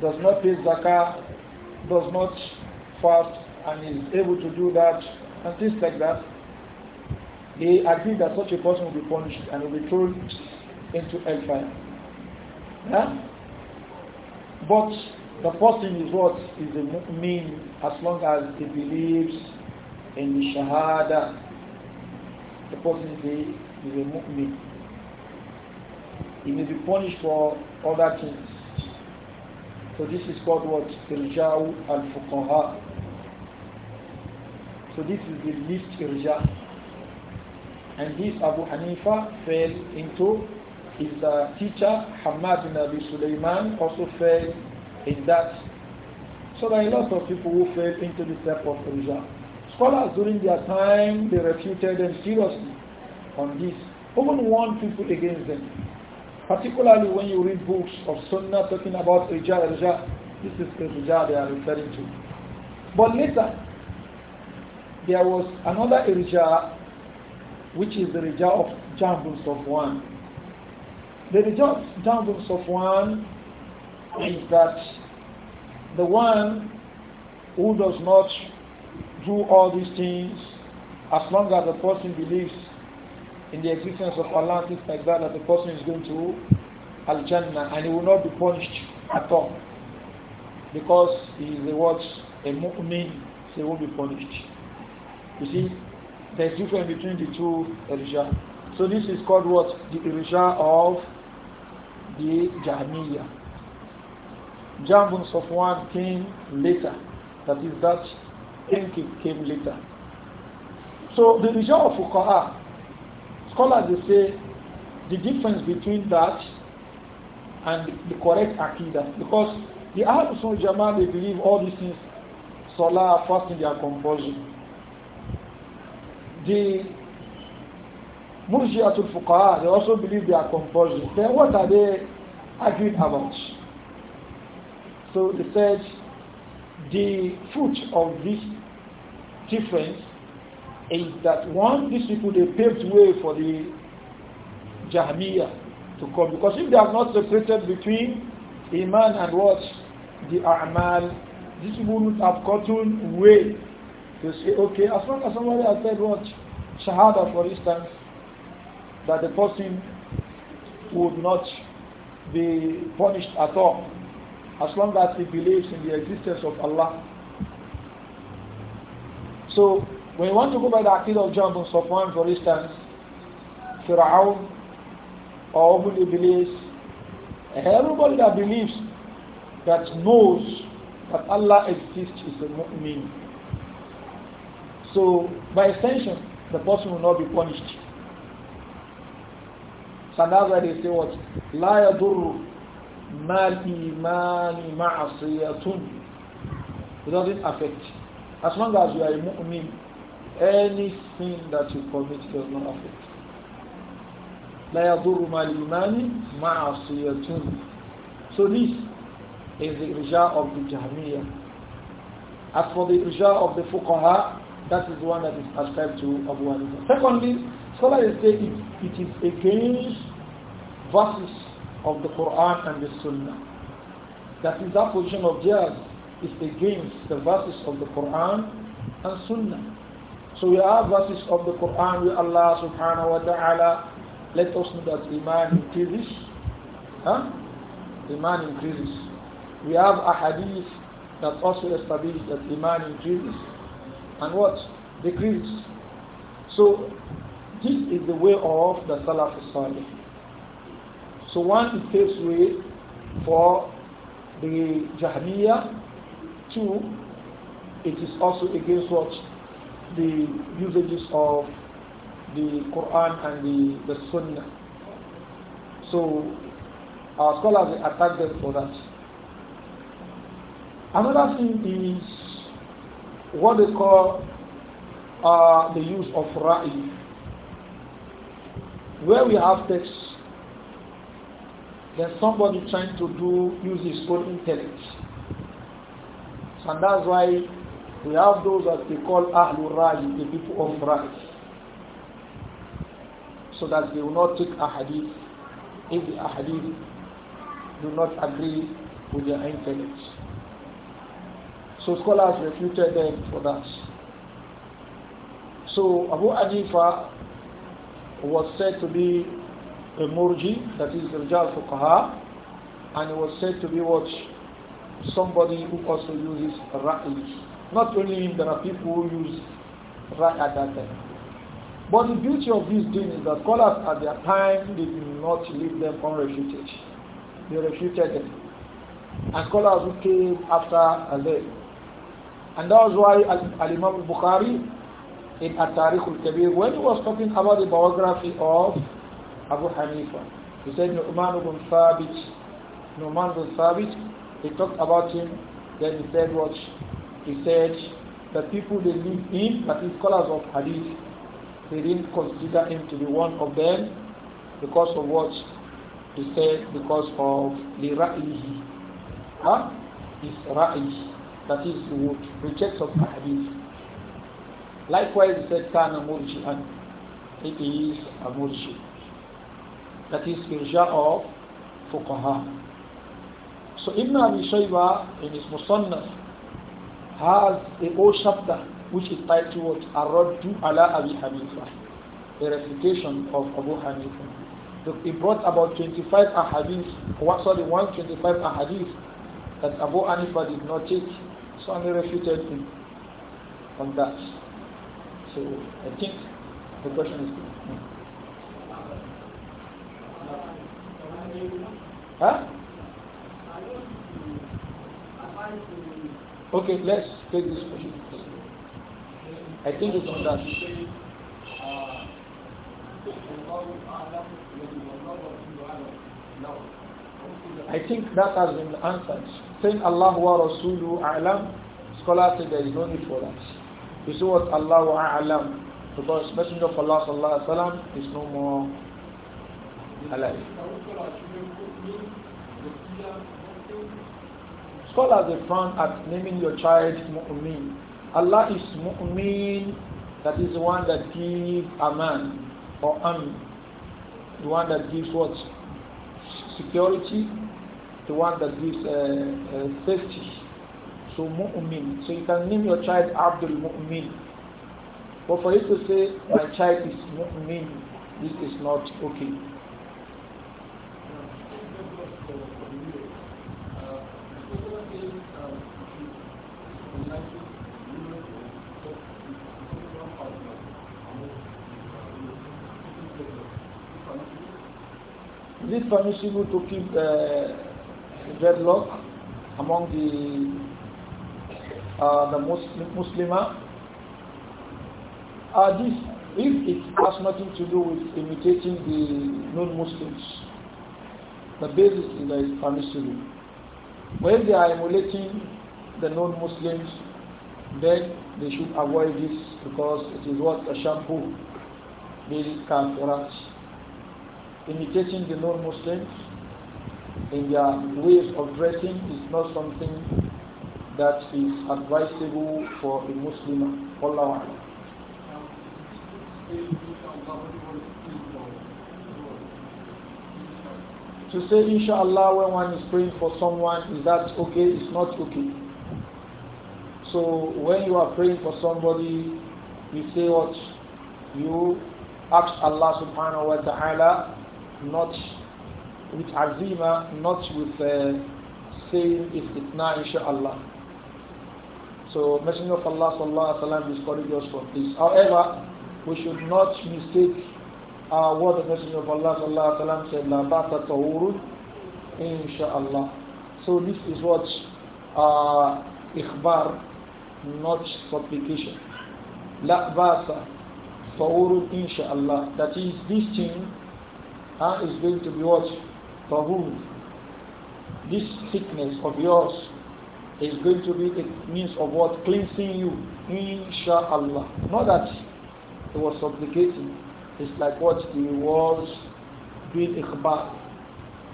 does not pay Zakah, does not fast and is able to do that and things like that, He agrees that such a person will be punished and will be thrown into hellfire. Yeah? But the person is what is the mean as long as he believes in the shahada. The person is a, is a mu'min. He may be punished for other things. So this is called what? Irja'u al-fuqaha. So this is the least irja. And this Abu Hanifa fell into his uh, teacher Hamad bin Abi Sulaiman also fell in that. So there are a lot of people who fell into the step of irja. Scholars during their time, they refuted them seriously on this. Who would want people against them. Particularly when you read books of Sunnah talking about Rijal, Rijal, this is the Rijal they are referring to. But later, there was another Rijal, which is the Rijal of Jambus of one. The Rijal of Jambus of one is that the one who does not do all these things, as long as the person believes in the existence of Allah, things like that, that the person is going to Al Jannah and he will not be punished at all. Because he is the what a mu'min, so he won't be punished. You see, there is difference between the two Irisha. So this is called what? The Irisha of the Jahmiyyah. of one came later. That is that came, came later. So the Irisha of Fuqaha scholars they say the difference between that and the correct aqidah because the Ahlul Sunnah Jama'ah they believe all these things Salah, fasting, they are The Murji'atul Fuqaha they also believe they are compulsory. Then what are they arguing about? So they said the fruit of this difference is that one, these people they paved way for the Jahmiyyah to come because if they are not separated between Iman and what the A'mal, these people would have gotten way to say, okay, as long as somebody has said what Shahada for instance, that the person would not be punished at all as long as he believes in the existence of Allah. So when you want to go by the Aqidah of Jabal Safwan, for instance, Fir'aun or Abu Iblis, everybody that believes, that knows that Allah exists is a mu'min. So, by extension, the person will not be punished. So that's why they say what? لا يضر ما الإيمان معصية It doesn't affect. As long as you are a mu'min, any sin that you commit does not affect. لا يضر مع الإيمان So this is the irja of the Jahmiyyah. As for the irja of the Fuqaha, that is the one that is ascribed to Abu Hanifa. Secondly, scholars say it, it is against verses of the Quran and the Sunnah. That is that position of theirs is against the verses of the Quran and Sunnah. So we have verses of the Quran where Allah subhanahu wa ta'ala let us know that Iman increases. Huh? Iman increases. We have a hadith that also establishes that Iman increases and what? Decreases. So this is the way of the Salaf Salih. So one, it takes way for the Jahmiyyah. Two, it is also against what? the usages of the Quran and the, the Sunnah. So our scholars attack them for that. Another thing is what they call uh, the use of Ra'i. Where we have texts there's somebody trying to do use his own intellect. And that's why we have those that we call Ahlul Ra'i, the people of Ra'i. So that they will not take a hadith if the hadith do not agree with their intellect. So scholars refuted them for that. So Abu Anifa was said to be a murji, that is Rijal Fuqaha, and he was said to be what? Somebody who also uses ra'i. Not only him, there are people who use right at that time. But the beauty of this thing is that scholars at their time did not leave them unrefuted. They refuted them. And scholars who came after them. And that was why Al-Imam al Bukhari in At-Tariq al-Kabir, when he was talking about the biography of Abu Hanifa, he said Nu'man ibn Thabit, Nu'man ibn Thabit, he talked about him, then he said what he said that people they live in, that is scholars of hadith, they didn't consider him to be one of them because of what he said, because of the ra'ihi. Huh? His ra'i. That is, he would reject of hadith. Likewise, he said, Kana murji'an. it is a murji. That is, irja of fuqaha. So Ibn Abi Shayba in his Musannaf has a whole chapter which is titled Ar-Raddu ala Abi Hanifa, the refutation of Abu Hanifa. He brought about 25 ahadith, sorry, 125 ahadith that Abu Hanifa did not take, so he refuted him on that. So I think the question is. Huh? Okay, let's take this question. I think it's on that. I think that has been answered. Saying Allah wa Rasulu A'lam, scholars say there is no need for that. You see what Allah wa A'lam, because Messenger of Allah Sallallahu Alaihi Wasallam is no more alive as a frown at naming your child mu'min. Allah is mu'min, that is the one that gives aman or am, the one that gives what? Security, the one that gives uh, uh, safety. So mu'min. So you can name your child Abdul Mu'min. But for you to say, my child is mu'min, this is not okay. Is it permissible to keep uh, dreadlock among the uh, the Muslim, Muslimah? Uh, this, if it has nothing to do with imitating the non-Muslims, the basis is that it's permissible. When they are emulating the non-Muslims, then they should avoid this because it is what a shampoo, the kafirat imitating the non-Muslims in their ways of dressing is not something that is advisable for a Muslim. Allah. To say inshallah when one is praying for someone, is that okay? It's not okay. So when you are praying for somebody, you say what? You ask Allah subhanahu wa ta'ala not with azima, not with uh, saying istitna inshallah. So Messenger of Allah sallallahu alaihi wasallam discouraged us from this. However, we should not mistake uh, what the Messenger of Allah sallallahu alaihi wasallam said, la bata tahurun inshallah. So this is what uh, ikhbar, not supplication. La basa tahurun inshallah. That is this thing uh, is going to be what? whom? This sickness of yours is going to be a means of what? Cleansing you. Inshallah. Not that it was supplicating. It's like what he was doing ikhbar.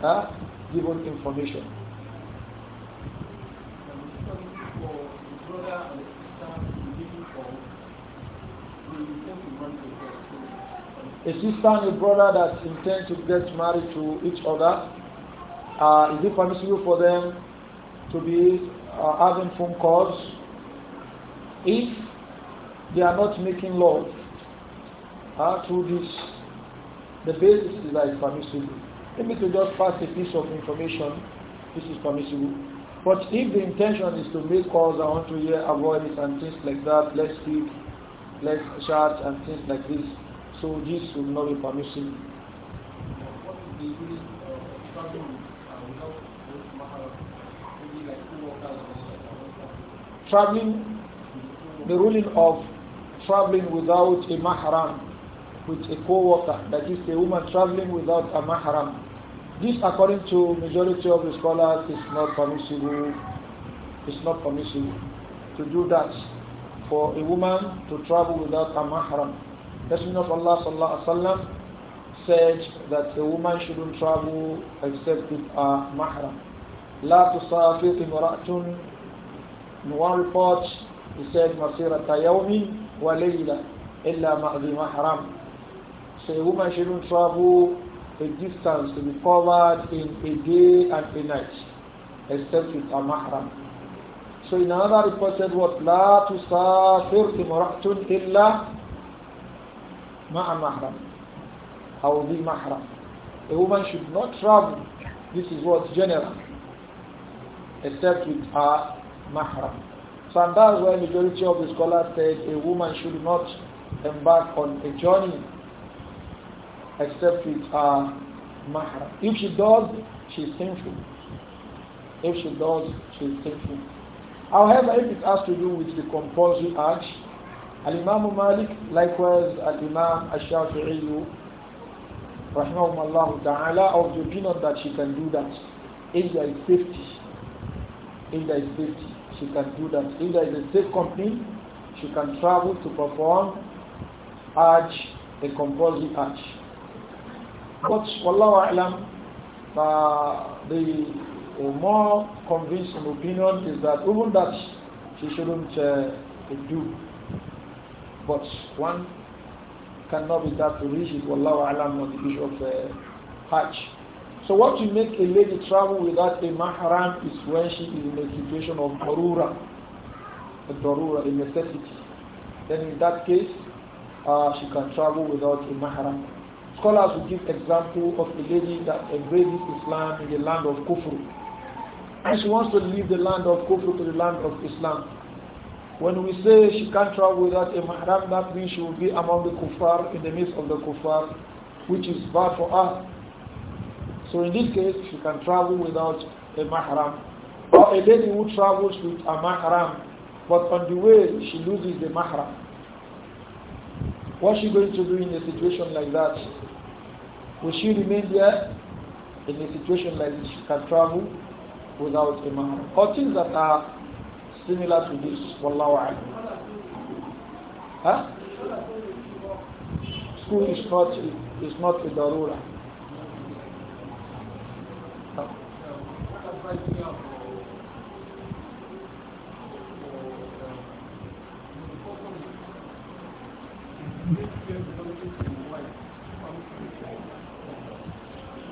Huh? Given information. brother and sister, a sister and a brother that intend to get married to each other, uh, is it permissible for them to be uh, having phone calls if they are not making love uh, through this? The basis is like permissible. Let to just pass a piece of information, this is permissible. But if the intention is to make calls, I want to hear avoid it and things like that, let's speak, let's chat and things like this, so this will not be permissible. Traveling, the ruling of traveling without a mahram, with a co-worker, that is a woman traveling without a mahram. This, according to majority of the scholars, is not permissible. It's not permissible to do that for a woman to travel without a mahram. Messenger of Allah sallallahu alaihi wasallam said that the woman shouldn't travel except with a mahram. لا تسافر امرأة in one report he said مسيرة يوم وليلة إلا مع ذي محرم so a woman shouldn't travel a distance to be covered in a day and a night except with a mahram so in another report said what لا تسافر امرأة إلا Ma'amahram, or bi mahram. A woman should not travel. This is what's general, except with her mahram. So and that's why majority of the scholars said a woman should not embark on a journey except with her mahram. If she does, she's sinful. If she does, she's sinful. However, if it has to do with the compulsory act, Al-Imam Malik, likewise Al-Imam Ash-Shafi'i, rahimahumullah ta'ala, of the opinion that she can do that. India is safety, India is safety, she can do that. India is a safe company, she can travel to perform Hajj, a compulsory Hajj. But Wallahu A'lam, uh, the more convincing opinion is that even that she shouldn't uh, do but one cannot be that to reach it, Wallahu alam, on the issue of uh, Hajj. So what you make a lady travel without a mahram is when she is in a situation of darura, a darura, a necessity. Then in that case, uh, she can travel without a mahram. Scholars will give example of a lady that embraces Islam in the land of Kufr. And she wants to leave the land of Kufr to the land of Islam. When we say she can't travel without a mahram, that means she will be among the kuffar, in the midst of the kuffar, which is bad for her. So in this case, she can travel without a mahram. Or a lady who travels with a mahram, but on the way she loses the mahram. What's she going to do in a situation like that? Will she remain there in a situation like this? She can travel without a mahram. Or things that are similar to this. Wallahu alam. Huh? School is not is not a darura.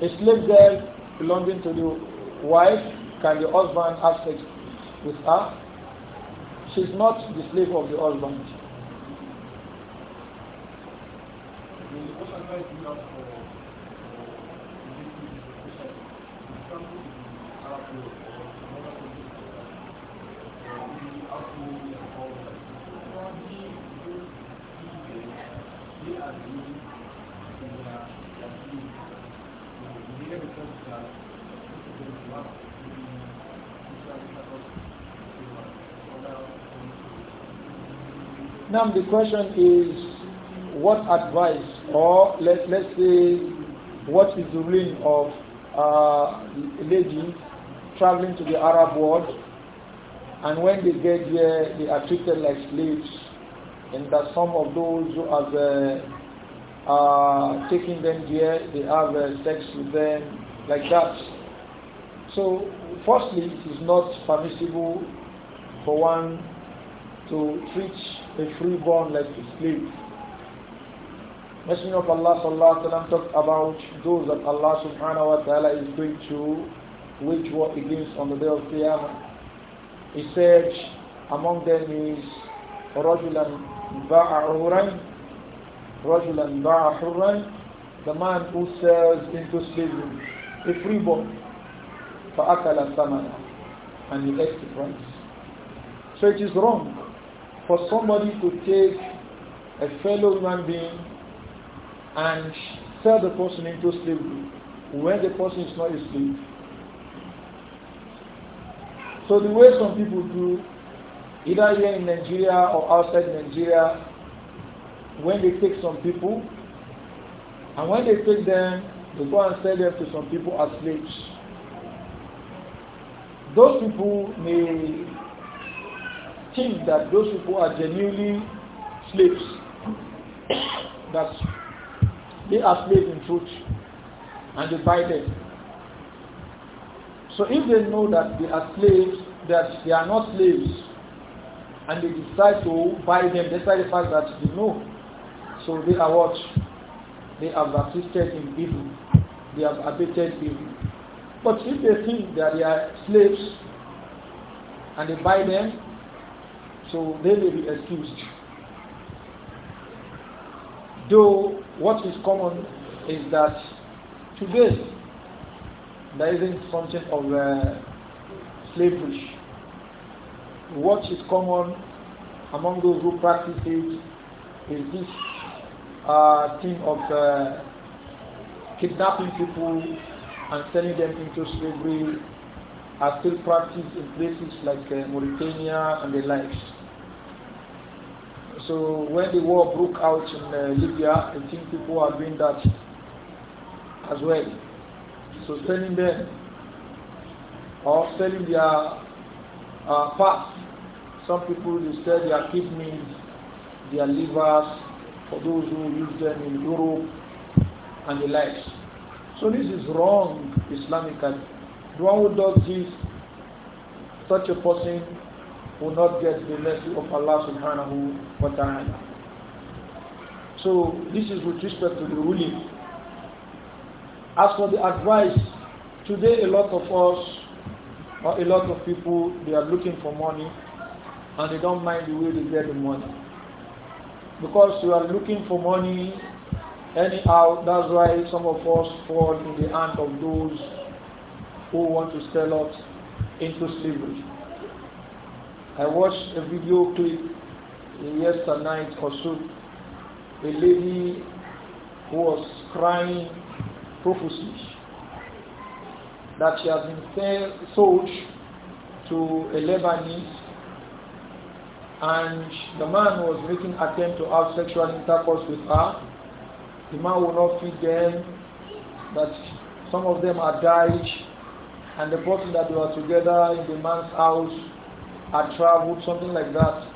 A slave girl belonging to the wife, can the husband have sex with her? She's not the slave of the husband. Thank you. Now the question is, what advice, or let, let's say, what is the ruling of uh, a lady traveling to the Arab world, and when they get here, they are treated like slaves, and that some of those who have uh, uh, them here, they have uh, sex with them, like that. So, firstly, it is not permissible for one to treat a freeborn like a slave. Messenger of Allah sallallahu wa Taala talked about those that Allah subhanahu wa ta'ala is going to wage war against on the day of Qiyamah. He said among them is رَجُلًا بَاعَ عُرَيْنِ رَجُلًا بَاعَ حُرَيْنِ the man who sells into slavery, a freeborn, فَأَكَلَ ثَمَنَا and he ate the price. So it is wrong for somebody to take a fellow human being and sell the person into slavery when the person is not a slave. So the way some people do, either here in Nigeria or outside Nigeria, when they take some people, and when they take them, they go and sell them to some people as slaves. Those people may think that those people are genuinely slaves. That they are slaves in truth and they buy them. So if they know that they are slaves, that they are not slaves, and they decide to buy them despite the fact that they know, so they are what? They have assisted in evil. They have abated evil. But if they think that they are slaves and they buy them, so they may be excused. Though what is common is that today there isn't something of uh, slavery. What is common among those who practice it is this uh, thing of uh, kidnapping people and selling them into slavery are still practiced in places like uh, Mauritania and the likes. So when the war broke out in uh, Libya, I think people are doing that as well. So selling them or selling their uh, parts. Some people they sell their kidneys, their livers for those who use them in Europe and the likes. So this is wrong Islamically. The one who does this, such a person will not get the mercy of Allah subhanahu wa ta'ala. So this is with respect to the ruling. As for the advice, today a lot of us or a lot of people they are looking for money and they don't mind the way they get the money. Because you are looking for money anyhow, that's why some of us fall in the hand of those who want to sell us into slavery. I watched a video clip yesterday night or so. A lady who was crying profusely that she has been sold to a Lebanese and the man was making attempt to have sexual intercourse with her. The man would not feed them, that some of them are died and the person that they were together in the man's house had traveled, something like that,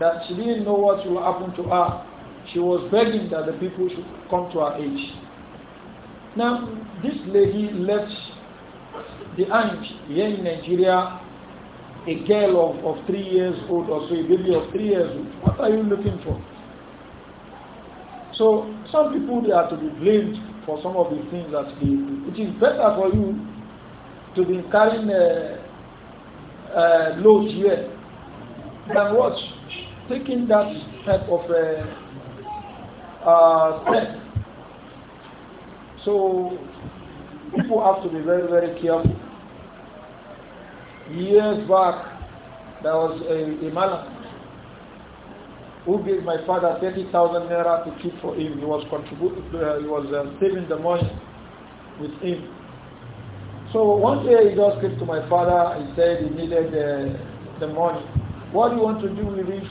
that she didn't know what will happen to her. She was begging that the people should come to her aid. Now, this lady left the aunt here in Nigeria a girl of, of three years old or so, a baby of three years old. What are you looking for? So some people they are to be blamed for some of the things that they do. It is better for you to be carrying a, uh, uh, loads here than what taking that type of uh, uh, step. So people have to be very, very careful. Years back, there was a, a man who gave my father 30,000 naira to keep for him. He was contributing, uh, he was uh, saving the money with him. So one day he just came to my father and said he needed uh, the money. What do you want to do with it?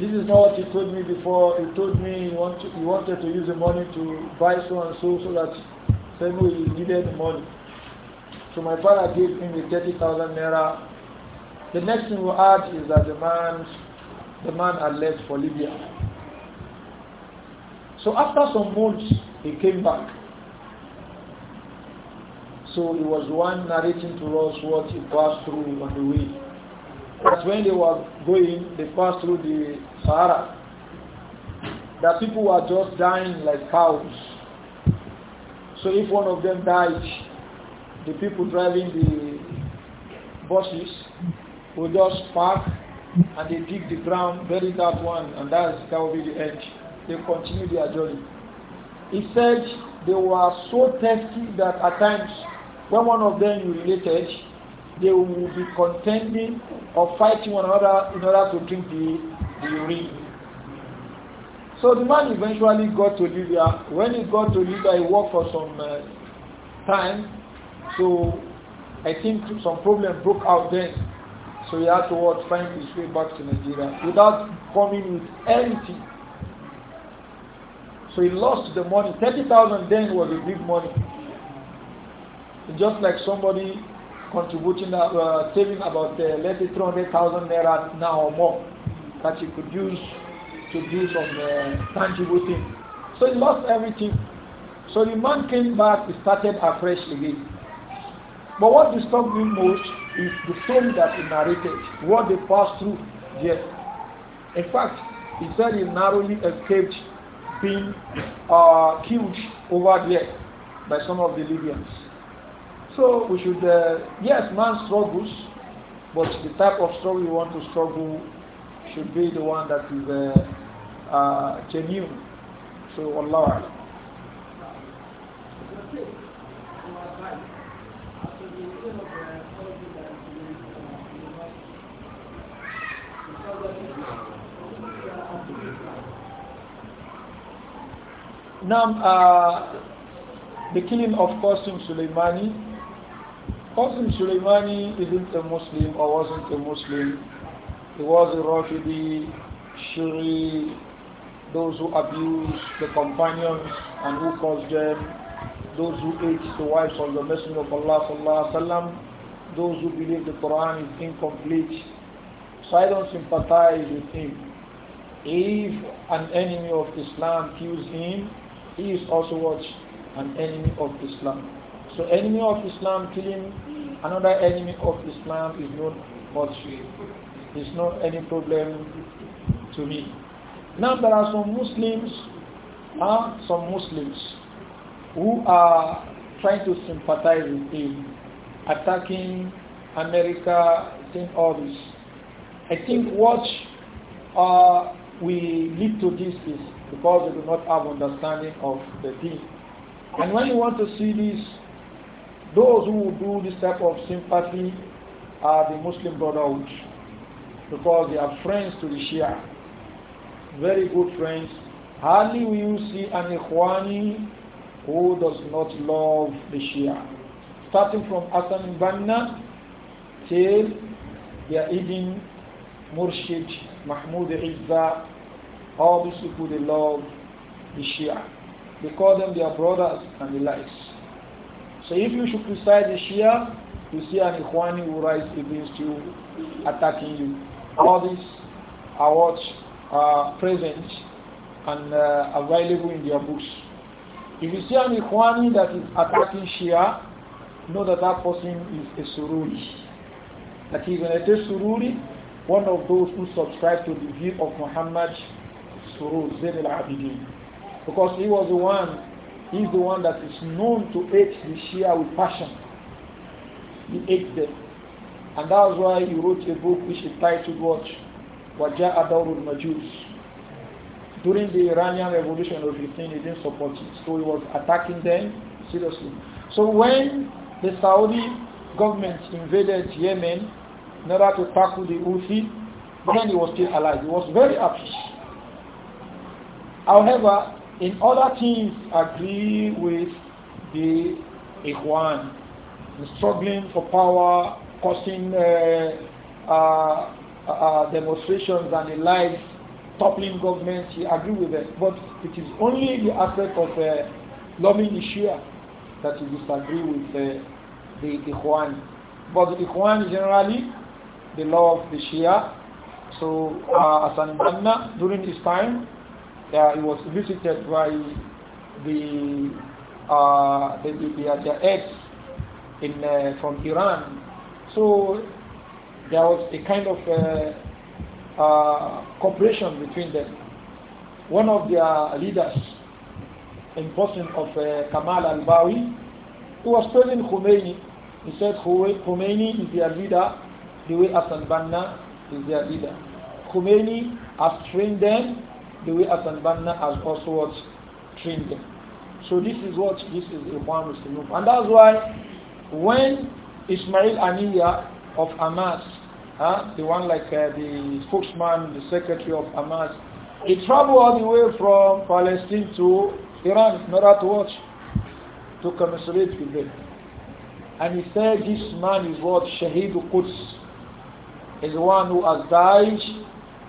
This is not what he told me before. He told me he, want to, he wanted to use the money to buy so and so so that Samuel he needed the money. So my father gave him the 30,000 naira. The next thing we add is that the man, the man had left for Libya. So after some months, he came back. So he was one narrating to us what he passed through on the way. But when they were going, they passed through the Sahara. That people were just dying like cows. So if one of them died, the people driving the buses will just park and they dig the ground, bury that one, and that's, that will be the end. They continue their journey. He said they were so thirsty that at times when one of them is related, they will be contending or fighting one another in order to drink the, the urine. So the man eventually got to Libya. When he got to Libya, he worked for some uh, time. So I think some problem broke out then. So he had to what, find his way back to Nigeria without coming with anything. So he lost the money. 30,000 then was a big money just like somebody contributing, uh, saving about, uh, let's say, 300,000 naira now or more that you could use to do some uh, tangible thing. So he lost everything. So the man came back, he started afresh again. But what disturbed me most is the story that he narrated, what they passed through there. In fact, he said he narrowly escaped being uh, killed over there by some of the Libyans. So we should, uh, yes, man struggles, but the type of struggle you want to struggle should be the one that is uh, uh, genuine. So Allah. Now, uh, the killing of Qasim Soleimani Qasim Suleimani isn't a Muslim or wasn't a Muslim. He was a Rafidi, Shuri, those who abused the companions and who caused them, those who ate the wives of the Messenger of Allah sallallahu alaihi wasallam, those who believe the Quran is incomplete. So I don't sympathize with him. If an enemy of Islam kills him, he is also what? An enemy of Islam. So enemy of Islam killing another enemy of Islam is not much, is not any problem to me. Now there are some Muslims, uh, some Muslims who are trying to sympathize with him, attacking America, saying all this. I think what uh, we lead to this is because we do not have understanding of the thing. And when you want to see this those who do this type of sympathy are the Muslim Brotherhood because they are friends to the Shia, very good friends. Hardly will you see an Ikhwani who does not love the Shia. Starting from Hassan Banna till their Ibn Murshid, Mahmoud Izza, all these people they love the Shia. They call them their brothers and the likes. So if you should criticize the Shia, you see an Ikhwani will rise against you, attacking you. All these are what are present and uh, available in your books. If you see an Ikhwani that is attacking Shia, know that that person is a Sururi. That he is an Ete Sururi, one of those who subscribe to the view of Muhammad Surur Zain al-Abidin. Because he was the one He's the one that is known to hate the Shia with passion. He hates them. And that's why he wrote a book which is titled Watch, Waja My Majus. During the Iranian Revolution of 15, he didn't support it. So he was attacking them seriously. So when the Saudi government invaded Yemen in order to tackle the Houthi, then he was still alive. He was very upset. However, in other things agree with the Ikhwan, struggling for power, causing uh, uh, uh, uh, demonstrations and the likes, toppling governments, he agree with it, But it is only the aspect of uh, loving the Shia that he disagree with uh, the Ikhwan. But the Ikhwan generally, they love the Shia. So uh, as an during his time, uh, was visited by the uh, the, the, the uh, ex in uh, from Iran. So there was a kind of uh, uh, cooperation between them. One of their leaders, in person of uh, Kamal al-Bawi, who was telling Khomeini, he said Khomeini is their leader, the way Hassan Banna is their leader. Khomeini has trained them the way Hassan Banna has also what, trained them. So this is what this is Ikhwan Muslimun. And that's why when Ismail Aniya of Hamas, huh, the one like uh, the spokesman, the secretary of Hamas, he traveled all the way from Palestine to Iran in order to watch, to commiserate with them. And he said this man is what Shahid Quds is the one who has died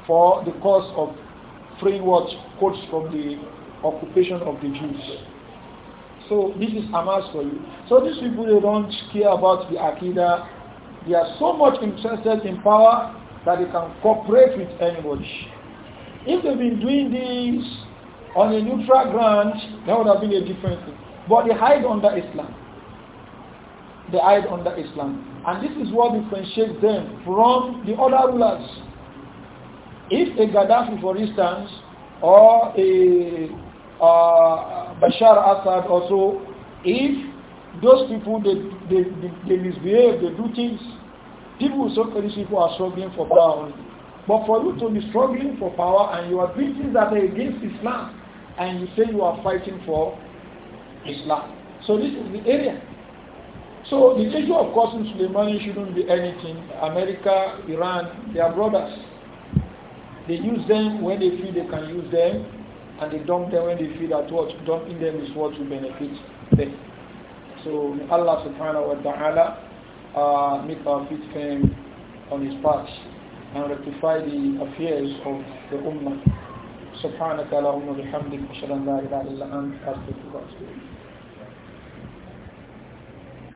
for the cause of free quotes from the occupation of the Jews. So this is Hamas for you. So these people they don't care about the Akida. They are so much interested in power that they can cooperate with anybody. If they've been doing this on a neutral ground, that would have been a different thing. But they hide under Islam. They hide under Islam. And this is what differentiates them from the other rulers. If a Gaddafi, for instance, or a uh, Bashar Assad also, if those people, they, they, they, they, misbehave, they do things, people so these people are struggling for power. But for you to be struggling for power and you are doing things that are against Islam, and you say you are fighting for Islam. So this is the area. So the issue of causing Soleimani shouldn't be anything. America, Iran, they are brothers. They use them when they feel they can use them, and they dump them when they feel that what dumping them is what will benefit them. So may Allah subhanahu wa ta'ala uh, make our feet firm on his path and rectify the affairs of the Ummah. سبحانك اللهم وبحمدك اشهد ان لا اله الا انت استغفرك واتوب اليك